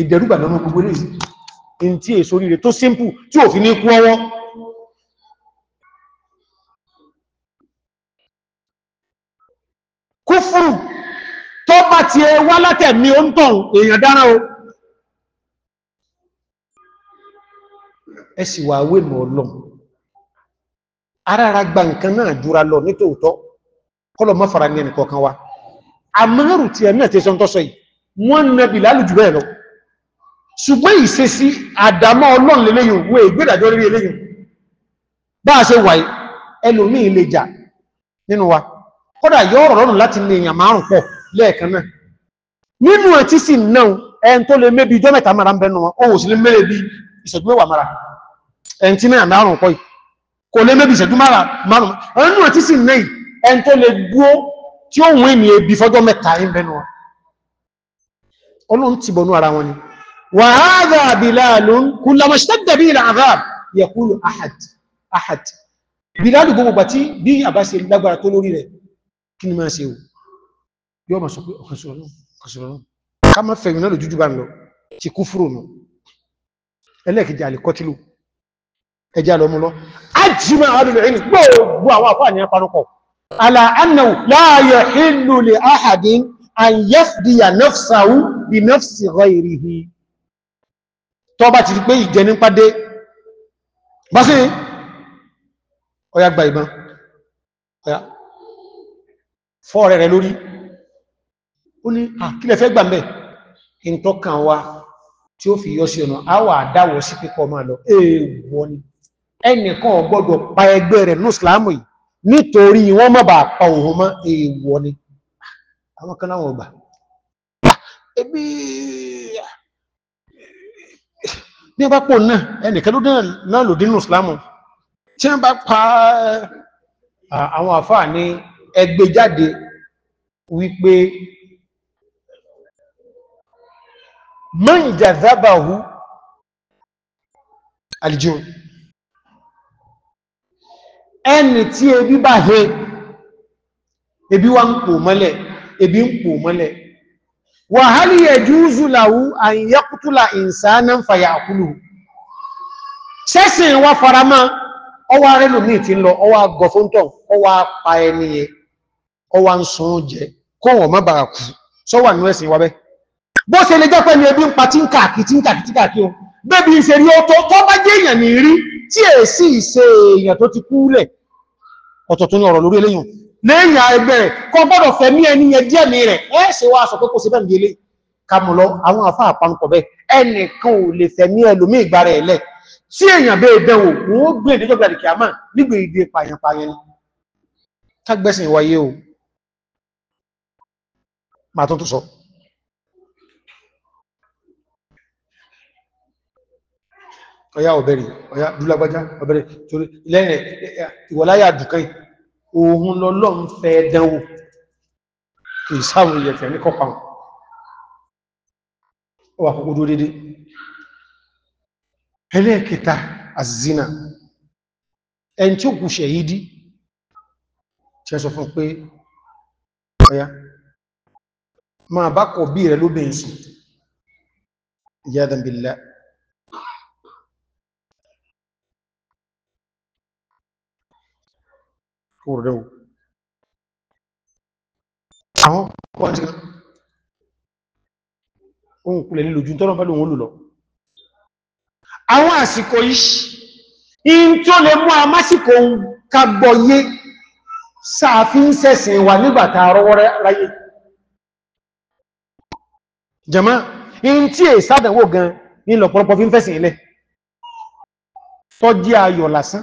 ìdẹ̀rúgbà lọ́nà gbogbo ní in tí è sórí rẹ̀ tó simple tí ò fi ní kú ọwọ́ kúfùrù tó bá ti ẹ wá látẹ̀mí ó ń tọ̀rùn èèyàn dára o ẹ sì wà wé mọ̀ ọlọ́m arára gba nǹkan náà jura lọ nítòótọ́ kọ́lọ̀ mọ́ fara ní ẹnìkọ̀ọ̀kan wa àmọ́rù tí ẹ náà tẹ́sọ́ntọ́sọ yìí wọ́n nẹ́bì lálùjù bẹ́ẹ̀ lọ ṣùgbọ́n ìṣesí àdámọ́ ọlọ́run lélẹ́yìn òwú ìgbédàjọ́ rí eléyìn bá a ṣe wàí ẹlòmí ilé jà nínú wa kọ́dà yọ́ ọ̀rọ̀ lọ́rùn láti lè èèyàn márùn pọ̀ lẹ́ẹ̀kan náà nínú ẹ̀tí sì náà ẹn tó lè mébi ijọ́ mẹ́ta mara ń bẹnu wọn ohun sí lè mẹ́rẹ̀ bí ìṣẹ́jú mara ẹn tí mẹ́rin márùn pọ̀ kò lè mébi ìṣẹ́jú márùn nínú ẹ̀tí sì náà وهذا بلال كلما اشتد به العذاب يقول أحد أحد بلال gbogbo tí bí àbá ṣe lágbára tó lórí rẹ̀ kí ni máa ṣe o yóò máa sọ pé ọ̀kọ̀sọ̀rọ̀ ká máa fẹ̀yìn náà lójújú bá ń lọ ti kú fúrò nù ẹlẹ́ẹ̀kejì àlèkọ́tílù ẹjá lọ mú lọ ajima adùn ẹni gbogbo àwọn àpá ní ẹparúkọ ala annahu la yahillu li ahadin an yafdiya nafsahu bi nafsi ghayrihi tó bá ti di pé ìjẹ ní pàdé bá sí ọya gba ìbọn ọya fọ́ rẹ̀ rẹ̀ lórí ó ní àkílẹ̀ fẹ́ gbà mẹ́ ìntọ́kàn wa tí ó fi yọ sí ọ̀nà àwà àdáwọ̀ sí pípọ̀ máa lọ èèwọ̀ ni ẹnìkan ò gbọ́dọ̀ pa ẹgbẹ́ rẹ̀ ní ìsìláàmù yìí nítorí wọ́n má bàa pa òun mọ́ èèwọ̀ ni àwọn kan láwọn ọgbà ẹbí ní ọba pò náà ẹnìkan ló dínà náà lò dínú ìsìlámù tí wọ́n bá pa àwọn àfáà ní ẹgbẹ́ jáde wípé mọ́njà zábàáhù àlìjò ẹni tí ebi bá he ebi wá ń pò mọ́lẹ̀ ebi ń pò mọ́lẹ̀ وهل يجوز له أن يقتل إنسانا فيأكله sẹ́sìn wa farama ọwọ́ arẹ́ lòmí ti lọ ọwọ́ agọ̀fóntọ̀ ọwọ́ apá ẹniyẹ ọwọ́ ń sọ jẹ kó wọ́n má bàrà kú sọ́wà ní ẹ̀sìn wa bẹ́ bó ṣe lè jẹ́pẹ́ ní ẹbí ń pa tí ń kàkì tí ń kàkì tí kàkì o bẹ́bí ń ṣe rí ọtọ́ tó bá jẹ́ èèyàn ní rí tí èsì ìṣe èèyàn tó ti lẹ́yìn ẹgbẹ́ rẹ̀ kọ gbọ́dọ̀ fẹ́ mí ẹni yẹn díẹ̀ mi rẹ̀ ẹ́ ṣe wá sọ pé kò sí bẹ́ẹ̀ nílé kàmùlọ àwọn afá àpankọ̀ bẹ́ẹ̀ ẹnìkan ò lè fẹ́ mí ẹlòmí ìgbà rẹ̀ lẹ̀ tí èèyàn bẹ́ẹ̀ dẹ̀wò wọ́n gbé ìdíjọ́ gbàdì kìámà nígbè ìdí òun lọ́lọ́run fẹ́ dánwò kì í sáwọn ìyẹ̀fẹ̀ ní kọ́pàá ó wà kókó dúró dédé ẹlẹ́ẹ̀kẹta àzìzínà ẹni tí ó kù ṣẹ̀yídí tí ẹ sọ fún pé ọya máa bá kọ̀ bí rẹ̀ lóbìn sùn ìyá kurde o àwọn wọ́n ti ohun kúlẹ̀ nílò jù tọ́rọ pẹ̀lú òun lò àwọn àsìkò yìí in tí ó lè mú a másìkò kagbọ̀yé sáàfin sẹ́sìn wà nígbàtà rọwọ́rẹ́ ráyé jama in tí è sádẹ̀wò gan ní lọ̀pọ̀lọpọ̀ fi ń fẹ́sìn ilẹ̀ tọ́jí ayọ̀ lásán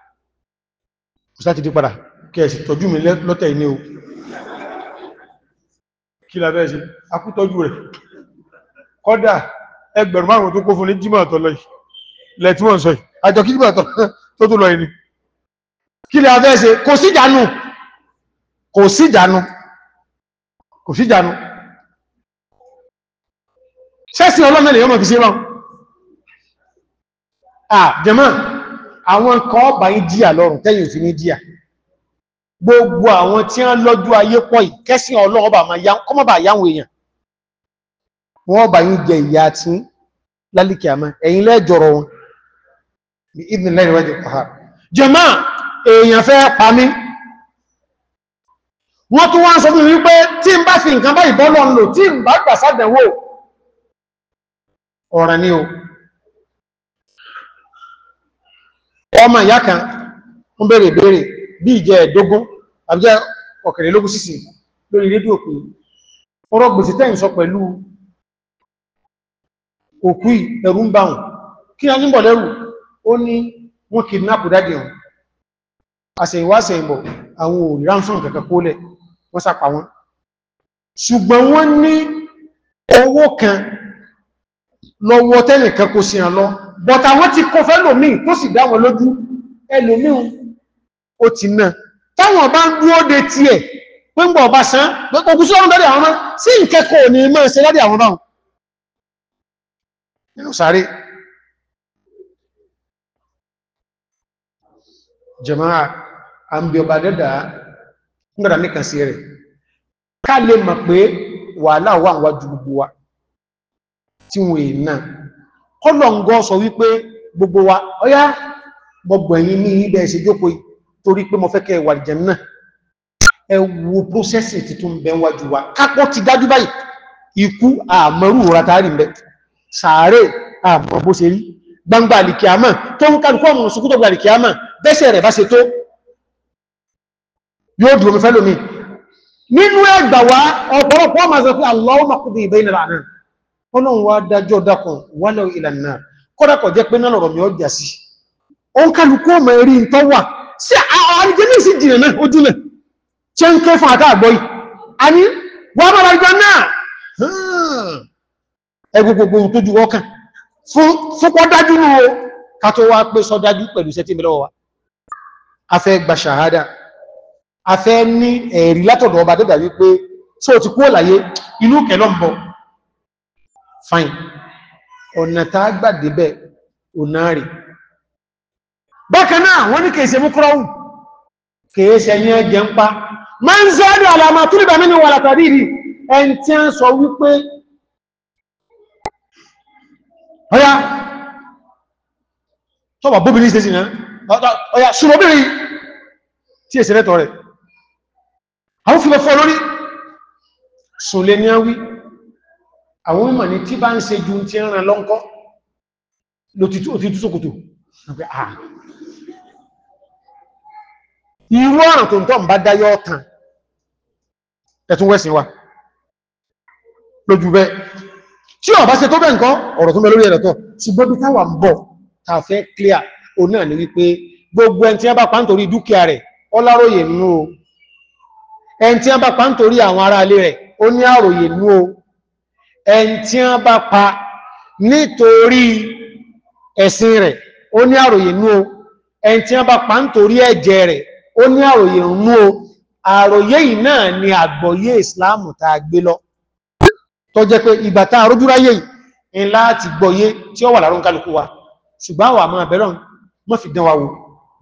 sátidé padà kẹsì tọ́jú mi lọ́tẹ̀ ní o kí lábẹ́ ṣe akútọ́jú rẹ̀ kọ́dà ẹgbẹ̀rún márùn-ún tó kó fún ní jímọ̀ tọ́lọ lẹ́tí wọ́n sọ àjọ kí jímọ̀ tó tó lọ ẹni kí lábẹ́ ṣe kò sí ìjánu kò sí ìjánu kò sí ìjánu sẹ́sìn ọlọ́mẹ́lẹ̀ yọmọ̀ fi ṣe wọn à jẹ́mọ́ àwọn kan ọba yí díà lọ́rùn tẹ́yìn òfin ní díà gbogbo àwọn tí wọ́n lọ́jú ayé pọ̀ ìkẹ́sìn ọlọ́ọ̀bà kọmọ́bà yáwọn èèyàn wọ́n bá yí jẹ ìyà tí lálìkẹ́ àmá ẹ̀yìn lẹ́jọ̀rọ̀ wọn ní ìdìn lẹ́yìn wájú pàhà jẹ́mà èèyàn fẹ́ pa mí wọ́n tún wá ń sọ fún wípé tí ń bá fi nǹkan bá ìbọ́lọ́ ń lò tí ń bá gbà sádẹ̀wò ọ̀rẹ́ ni o ọmọ ìyá kan ń bèèrè ìbéèrè bí ìjẹ ẹ̀dógún àbíjẹ́ ọ̀kẹ̀lélógún sísì lórí rédíò pé ọ̀rọ̀ gbèsè tẹ́yìn sọ pẹ̀lú òkú ẹ̀rù ń bá wọn kí a níbọ̀ lẹ́rù ó ní wọ́n kìdínápù dáadé wọn àṣẹ̀yìnwá àṣẹ̀yìnbọ̀ àwọn òrìránfún kẹ̀kẹ́ kólẹ̀ wọ́n sápa wọn ṣùgbọ́n wọ́n ní owó kan lọ́wọ́ tẹ́nìkan kó sí àlọ́ but àwọn ti kọ fẹ́ lòmíì tó sì dá wọn lójú ẹlòmíì ó ti nà táwọn bá ń dúó de tiẹ̀ pé ń bọ̀ ọba sán òkú sí ọrún lórí àwọn ọmọ sí ìkẹ́kọ̀ọ́ ní mọ́ ṣe lórí àwọn ọmọ nínú sáré jama'a àmì ọba dẹ́dà ńgbàdà nìkan sí rẹ̀ ká lè mọ̀ pé wàhálà wà wájú gbogbo wa tí wọ́n èèyàn náà kọ́lọ̀ngọ́ sọ wípé gbogbo wa ọyá gbogbo ẹ̀yin ní ibẹ̀ ṣe jókòó torí pé mo fẹ́ kẹ́ wà jẹ́ náà ẹ wo prósẹ́sì ti tún bẹ wájú wa kápọ́ ti dájú báyìí ikú àmọ́rù ratari ń bẹ sàárè àmọ́ bó gbangba àlìkíámà tó ń kálukọ́ ọmọ mi fẹ́ lómi nínú ẹgbà wá ọ̀pọ̀lọpọ̀ ọmọ sọ pé Allahumma ọlọ́run wá dájọ́ dákan wálẹ̀ ìlànà kọ́dàkọ̀ jẹ́ pé náà lọ̀rọ̀ mi ọ jà sí ó ń kálukú ọmọ eré ń tọ́ wà sí àríjẹ́ jìnà náà ojúlẹ̀ ṣe ń kẹ́ fún àtàgbọ́ a ní wà bára ìgbà náà ẹgbẹ́ gbogbo tó ju ọkàn fúnpọ́ dájú ní o ká tó wá pé sọ dájú pẹ̀lú iṣẹ́ tí mi lọ́wọ́ wa a fẹ́ gba ṣàhádà a fẹ́ ní ẹ̀rí látọ̀dọ̀ ọba dẹ́dà wípé só ti kú òlàyé inú kẹlọ́ ń fine ọ̀nà tá gbàdé bẹ́ ọ̀nà rẹ̀ bákanáà wọ́n ní kèèsè mú kúrọ́wù kèèsè yẹn jẹ ń pa ma ń zẹ́rẹ̀ alama tó lébà mínú wàlà tàbí rí ẹn tí a ń sọ wípé ọya tọ́bà bóbìnrin ṣe sí náà ọya ṣùgbọ́bìnrin tí èsẹ̀ rẹ̀ rẹ̀ àwọn fílẹ̀ fọ́ lórí sùn lè ní àwí àwọn mímọ̀ ní tí bá ń ṣe ju ti ràn lọ́nkọ́ lótítú sókòtò ah. irú ọ̀ràn tó ń tọ́ bá dáyọ́ ọ̀tàn ẹ̀tún wẹ́sìn wa lójú bẹ́ tí ó bá ṣe tó bẹ́ nǹkan ọ̀rọ̀ tó mẹ́ lórí ẹ̀rẹ̀tọ́ ṣùgbọ́n bí táwà ń bọ̀ ta clear o náà ni wípé gbogbo ẹn tí a bá pa nítorí dúkìá rẹ̀ ọláròyè nú o ẹn tí a bá pa nítorí àwọn ará ilé rẹ̀ ó ní àròyè nú o ẹni tí bá pa nítorí ẹ̀sìn rẹ̀ ó ní àròyé nú o ẹni tí wọ́n bá pa nítorí ẹ̀jẹ̀ rẹ̀ ó ní àròyé nú o àròyé yìí náà ni àgbọ̀yé ìsìláàmù tá a gbé lọ tó jẹ́ pé ìgbà tá a rójúráyé yìí ńlá ti gbọ́yé tí ó wà lárún kálukú wa ṣùgbọ́n àwọn àmọ́ àbẹ́rọ̀ wa wò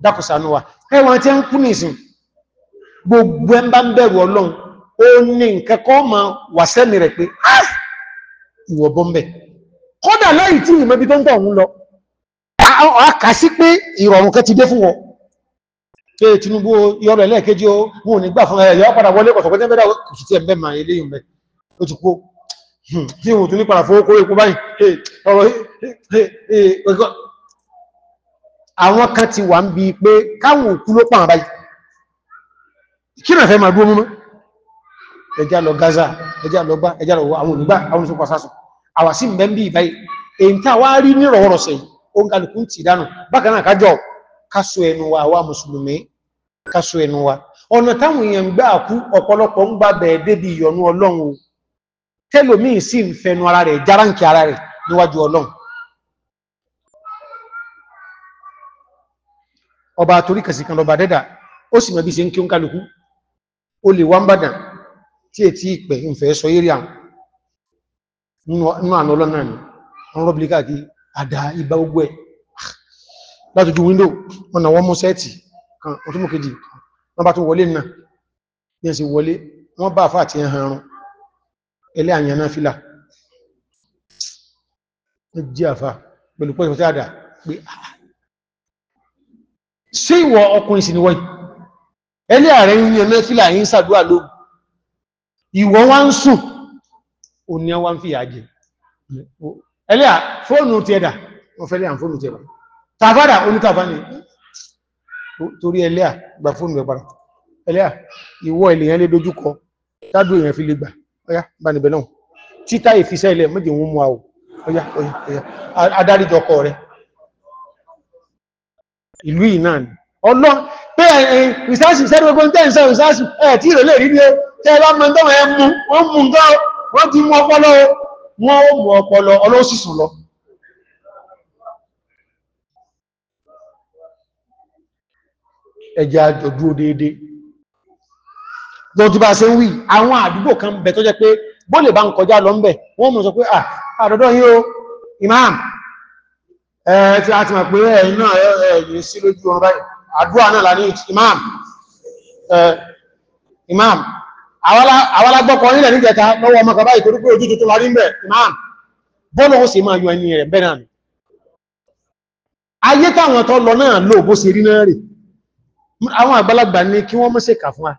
dákùsànú wa ẹwọ́n tí ń kú ní ìsìn wà sẹ́mi rẹ̀ ah! ìwọ̀bọ̀ mẹ́ kọ́dà láì tí ìmọ̀bí tó ń tọ̀ ń lọ àkà sí pé ìrọ̀rùn kẹ́ ti dé fún wọn pé Tinubu yọ́rọ̀ ẹlẹ́ẹ̀kejì ó wọn ò ní gbà fún ẹ̀yọ́ padà wọlé pọ̀tọ̀ pẹ́tẹ́ mẹ́ta kò sí ẹ̀mẹ́ máa ilé yìí mẹ́ ó ti kó hmm, tí wọn ò tún ní padà fowó kórè kó báyìí ọ̀rọ̀ àwọn kan ti wà ń bi pé káwọn òkú ló pàwọn báyìí kí náà fẹ́ máa dúró mú ẹjá lọ Gaza ẹjá lọ gbá ẹjá lọ wọ àwọn ònígbà àwọn òṣùpá sásùn àwà sí mẹ́bí ìbáyìí èyí tí a wá rí ní rọ̀wọ̀rọ̀sẹ̀ o ń ga nìkún ti dánù bákan náà kájọ kásò ẹnu wa àwa mùsùlùmí kásò ẹnu wa ọ̀nà táwọn èèyàn gbá àkú ọ̀pọ̀lọpọ̀ ń gbà bẹ̀ẹ́ débi ìyọnu ọlọ́run o tẹ́lòmíì sì ń fẹnu ara rẹ̀ ara rẹ̀ níwájú ọlọ́run ọba kan lọba dẹ́dà ó sì mọ̀ bí ń kí nínú àná ọlọ́nà ni wọ́n rọ́bìlì káàkiri àdá ibá gbogbo ẹ̀ látòjú wíńdò wọ́n na wọ́n mú sẹ́ẹ̀tì kan ọdún mọ́kèjì wọ́n bá tún wọlé náà bí ẹ̀ sì wọlé wọ́n bá fà àti ẹ̀hàn rún ẹlẹ́ àyànná fílà jí àfà pẹ̀lú pọ́ ìfọ́tí àdá pé ah, ah. ṣé ìwọ ọkùnrin sì ni wọ́n ẹlẹ́ ààrẹ yìí ẹ̀mẹ́ fílà yìí ń sàdúà lóògùn wá ń sùn òní àwọn fi àjẹ́ ẹlẹ́à fóònù ti ẹ̀dà ọ̀fẹ́lẹ́ àfóònù ti ẹ̀dà tàfádà onítàfá ni torí ẹlẹ́à gbà fóònù rẹ̀ padà ẹlẹ́à ìwọ ènìyàn lè dojúkọ tádù èèyàn fi lè gbà ọyá bá níbẹ̀ náà títà ìfisẹ́ ilẹ̀ méjì wọn mú a ọyá ọyá ọyá adáríjọkọ rẹ̀ ìlú ìnáà ni ọlọ́ pé ẹ̀yìn rìsáàsì sẹ́rẹ̀ gbogbo ń tẹ́ ìsẹ́ ẹ̀ tí ìrọ̀lẹ́ ìrírí ẹ tẹ́ ẹ bá mọ́ ẹ mú wọ́n mú ń tọ́ wọ́n ti mú ọpọlọ wọ́n ó ọlọ́sìsùn lọ ẹjẹ́ àjọ̀dúró déédéé lọ bá ṣe ń wí àwọn àdúgbò kan bẹ̀ tó jẹ́ pé bó bá ń kọjá lọ ń bẹ̀ wọ́n mọ̀ sọ pé àdọ́dọ́ yín o imam tí a ti mọ̀ pé ẹ̀yìn awala nílẹ̀ ndị lọ́wọ́ ọmọ kàbá ìtorí pé ojútùtù larí ń bẹ̀ imam bọ́nà ó sì ẹni rẹ̀ bẹ́ẹ̀ náà ni ayé lọ náà lò bó ṣe àwọn àgbàlagbà ní kí wọ́n mọ́sẹ̀ kà fún wa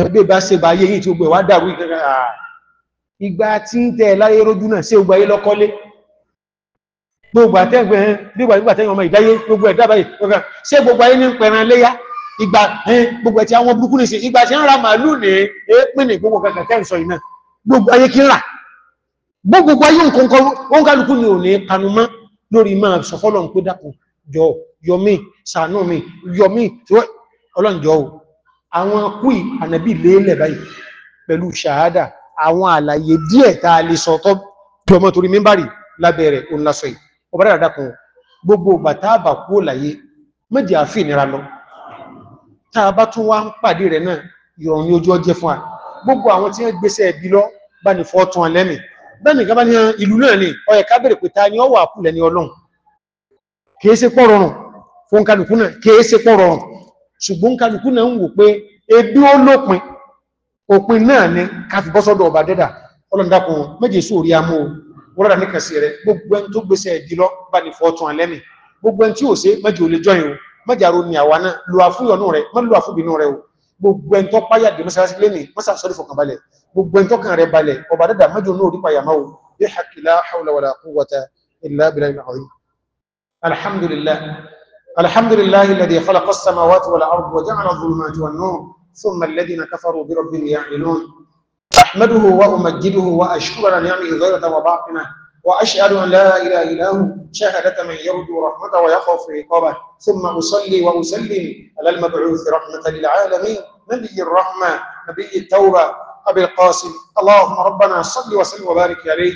ẹgbẹ́ bá ṣe bá ayé yìí tí ó gbẹ̀ wá ìgbà tí ń tẹ́ láyé rójú náà sí ogbà lọ́kọ́lé gbogbo àtẹ́gbẹ̀ẹ́ ọmọ ìdáyé gbogbo ìgbà gbogbo ẹ̀tì àwọn burúkú nìsí ìgbà tí ń ra màálù ní èépín ní gbogbo kẹkẹ̀kẹ́ ìsọ iná gbogbo ayé kí ń rà gbogbo ayé nǹkan kálukú ni ò ní panumọ́ lórí máa sọfọ́lọ̀ ń pé dákùn jọ yọmí sànú mi yọmí ọlọ́njọ́ o àwọn kú ànàbí lélẹ̀ báyìí pẹ̀lú ṣàhádà àwọn àlàyé díẹ̀ tá a lè sọ tọ́ jọmọ torí mímbàrí lábẹ́rẹ̀ òun lásọ yìí ọbára dákùn gbogbo bàtà àbàkú òlàyé méjì àfihàn lọ tá a bá tún wá ń pàdé rẹ̀ náà yọ̀rùn ní ojú ọjẹ́ fún wa gbogbo àwọn tí wọ́n gbéṣẹ́ ẹbí lọ bá ní fọ́tún alẹ́mì bẹ́ẹ̀ni ká bá ní ìlú náà ni ọyẹ̀ ká bèèrè pé ta ni ó wà kúlẹ̀ ní ọlọ́run kìí ṣe pọ̀ rọrùn fún kálukú náà kìí ṣe pọ̀ rọrùn ṣùgbọ́n kálukú náà ń wò pé ebi ó lópin òpin náà ni ká fi bọ́ sọ́dọ̀ ọba dẹ́dà ọlọ́run dákun méje sí orí amó wọ́rọ̀dà ní kàsí rẹ̀ gbogbo ẹni tó gbéṣẹ́ ẹbí lọ bá ní fọ́tún alẹ́mì gbogbo ẹni mọ́jàrò ni àwa náà lo àfúyọ̀nù rẹ̀ mọ́ lo àfúbìnú rẹ̀ o gbogbo ẹn tó páyàdé mọ́sálásí lẹ́nìí mọ́sá sọ́rí fọkànbalẹ̀ gbogbo ẹn tó kàn rẹ̀ balẹ̀ ọba dẹ́dà mẹ́jọ náà orípa yàmá o bí hakila haula wala quwwata illa billahi al-azim alhamdulillah alhamdulillah alladhi khalaqa as-samawati wal arda wa ja'ala adh-dhulumati wan nur thumma alladhina kafaru bi rabbihim ya'dilun وأشهد أن لا إله إلا هو شهادة من يرجو رحمته ويخاف عقابه ثم أصلي وأسلم على المبعوث رحمة للعالمين نبي الرحمة نبي التوبة أبي القاسم اللهم ربنا صل وسلم وبارك عليه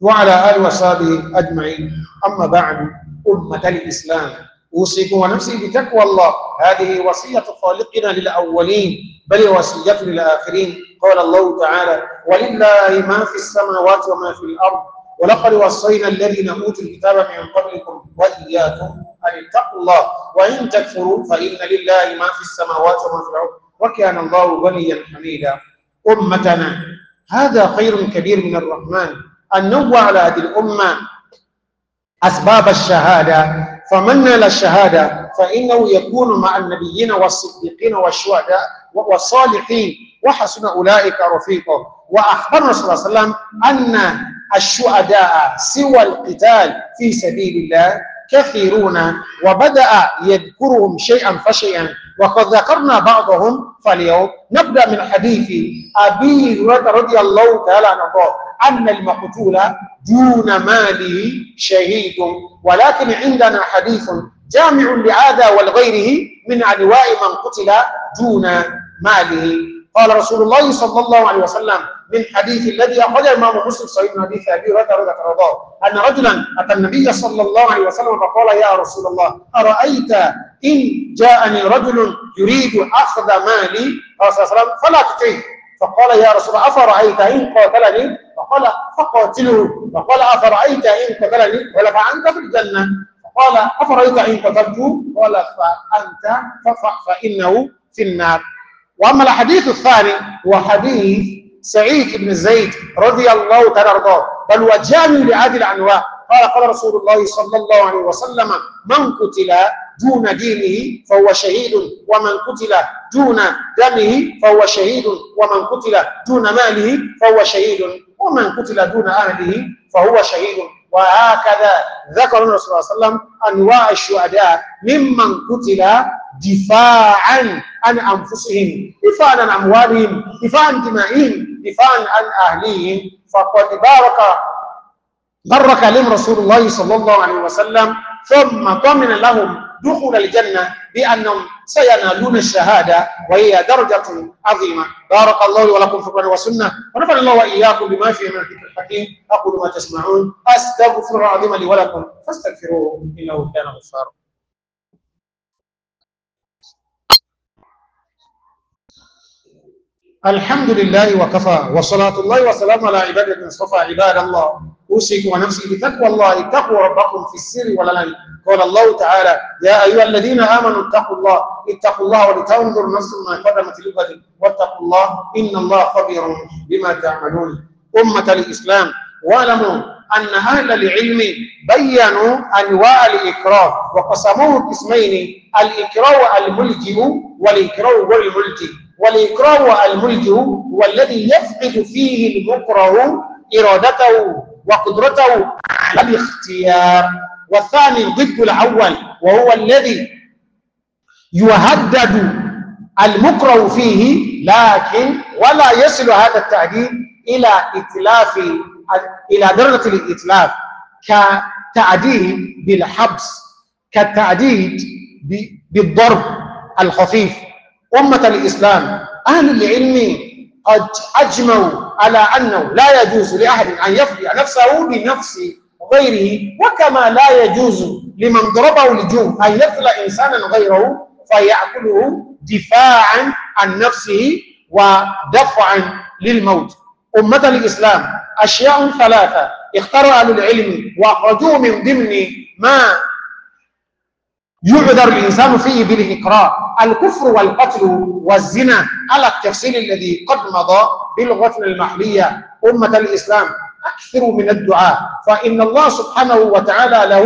وعلى آله وصحبه أجمعين أما بعد أمة الإسلام أوصيكم ونفسي بتقوى الله هذه وصية خالقنا للأولين بل وصية للآخرين قال الله تعالى ولله ما في السماوات وما في الأرض ولقد وصينا الذين اوتوا الكتاب من قبلكم واياكم ان اتقوا الله وان تكفروا فان لله ما في السماوات وما في الارض وكان الله غنيا حميدا امتنا هذا خير كبير من الرحمن ان نوع على هذه الامه اسباب الشهاده فمن نال الشهاده فانه يكون مع النبيين والصديقين والشهداء والصالحين وحسن اولئك رفيقه واخبرنا صلى الله عليه وسلم ان الشهداء سوى القتال في سبيل الله كثيرون وبدأ يذكرهم شيئا فشيئا وقد ذكرنا بعضهم فاليوم نبدأ من حديث أبي هريرة رضي الله تعالى عنه أن المقتول دون ماله شهيد ولكن عندنا حديث جامع لهذا ولغيره من أنواع من قتل دون ماله قال رسول الله صلى الله عليه وسلم من حديث الذي أخرجه الإمام مسلم صحيح من حديث أبي هريرة عنه أن رجلا أتى النبي صلى الله عليه وسلم فقال يا رسول الله أرأيت إن جاءني رجل يريد أخذ مالي قال صلى الله عليه وسلم فلا تطيعه فقال يا رسول الله أفرأيت إن قاتلني فقال فقاتله فقال أفرأيت إن قتلني قال فأنت في الجنة قال أفرأيت إن قتلته قال فأنت فإنه في النار وأما الحديث الثاني هو حديث سعيد بن زيد رضي الله تعالى عنه بل وجعلوا لهذه العنواء قال قال رسول الله صلى الله عليه وسلم من قتل دون دينه فهو شهيد ومن قتل دون دمه فهو شهيد ومن قتل دون ماله فهو شهيد ومن قتل دون أهله فهو شهيد وهكذا ذكر الرسول صلى الله عليه وسلم أنواع الشهداء ممن قتل دفاعا عن أنفسهم دفاعا عن أموالهم دفاعا عن دمائهم دفاعا عن أهليهم فقد بارك بارك لهم رسول الله صلى الله عليه وسلم ثم ضمن لهم دخول الجنة بأنهم سينالون الشهادة وهي درجة عظيمة بارك الله ولكم في القرآن والسنة ونفعل الله وإياكم بما فيه من الذكر الحكيم أقول ما تسمعون أستغفر العظيم لي ولكم فاستغفروه إنه كان غفارا الحمد لله وكفى وصلاة الله وسلام على عباد الذين عباد الله أوصيكم ونفسي بتقوى الله اتقوا ربكم في السر والعلن قال الله تعالى يا أيها الذين آمنوا اتقوا الله اتقوا الله ولتنظر نفس ما قدمت لغد واتقوا الله إن الله خبير بما تعملون أمة الإسلام واعلموا أن أهل العلم بيّنوا أنواع الإكراه وقسموه قسمين الإكراه الملجم والإكراه غير والإكراه الملك هو الذي يفقد فيه المكره إرادته وقدرته على الاختيار والثاني ضد الأول وهو الذي يهدد المكره فيه لكن ولا يصل هذا التعديل إلى إتلاف إلى درجة الإتلاف كتعديل بالحبس كالتعديد بالضرب الخفيف أمة الإسلام أهل العلم قد أجمعوا على أنه لا يجوز لأحد أن يفدي نفسه بنفس غيره وكما لا يجوز لمن ضربه الجوع أن يقتل إنسانا غيره فيأكله دفاعا عن نفسه ودفعا للموت أمة الإسلام أشياء ثلاثة أهل العلم وأخرجوه من ضمن ما يعذر الإنسان فيه بالإكراه الكفر والقتل والزنا على التفصيل الذي قد مضى بلغتنا المحلية أمة الإسلام أكثروا من الدعاء فإن الله سبحانه وتعالى له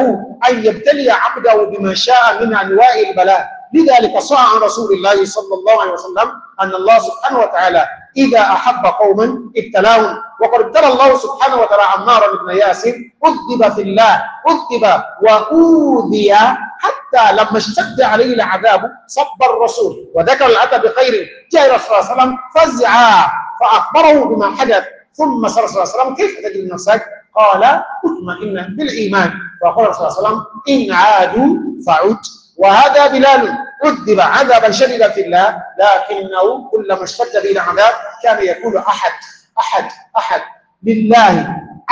أن يبتلي عبده بما شاء من أنواع البلاء لذلك صاع عن رسول الله صلى الله عليه وسلم أن الله سبحانه وتعالى إذا أحب قوما ابتلاهم وقد ابتلى الله سبحانه وتعالى عمار بن ياسر أذب في الله أذب وأوذي حتى لما اشتد عليه العذاب صب الرسول وذكر العذاب بخير جاء إلى صلى الله عليه وسلم فزعا فأخبره بما حدث ثم صلى الله عليه وسلم كيف تجد نفسك قال اطمئن بالإيمان فقال صلى الله عليه وسلم إن عادوا فعد وهذا بلال عذب عذابا شديدا في الله لكنه كلما اشتد به العذاب كان يقول أحد أحد أحد لله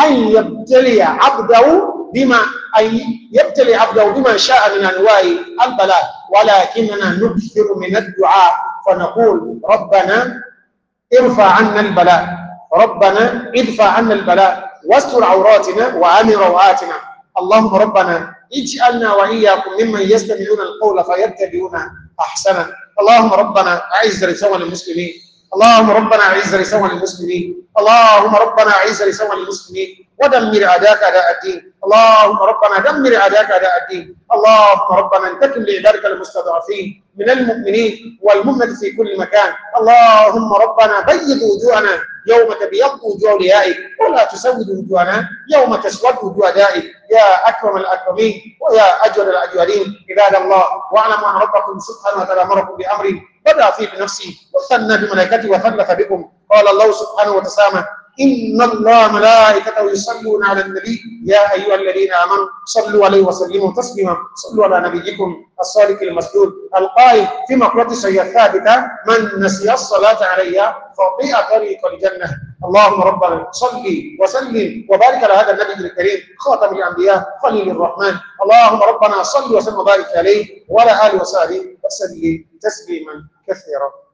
أن يبتلي عبده بما أن يبتلي عبده بما شاء من أنواع البلاء ولكننا نكثر من الدعاء فنقول ربنا ارفع عنا البلاء ربنا ادفع عنا البلاء واستر عوراتنا وامن روعاتنا اللهم ربنا اجعلنا وإياكم ممن يستمعون القول فيتبعون أحسنه اللهم ربنا أعز لسوى المسلمين اللهم ربنا أعز لسوى المسلمين اللهم ربنا أعز لسوى المسلمين ودمر اعداءك اعداء الدين اللهم ربنا دمر اعداءك اعداء الدين اللهم ربنا انتقم لعبادك المستضعفين من المؤمنين والمؤمنة في كل مكان اللهم ربنا بيض وجوهنا يوم تبيض وجوه اوليائك ولا تسود وجوهنا يوم تسود وجوه اعدائك يا أكرم الأكرمين ويا اجود الاجودين عباد الله واعلموا ان ربكم سبحانه وتعالى امركم بامر بدا فيه بنفسه وثنى بملائكته وثلث بكم قال الله سبحانه وتسامى إن الله ملائكته يصلون على النبي يا أيها الذين آمنوا صلوا عليه وسلموا تسليما صلوا على نبيكم الصادق المسجود القائل في مقلة سيئة ثابتة من نسي الصلاة علي خطيئة طريق الجنة اللهم ربنا صلي وسلم وبارك على هذا النبي الكريم خاتم الأنبياء خليل الرحمن اللهم ربنا صل وسلم وبارك عليه وعلى آله وصحبه وسلم تسليما كثيرا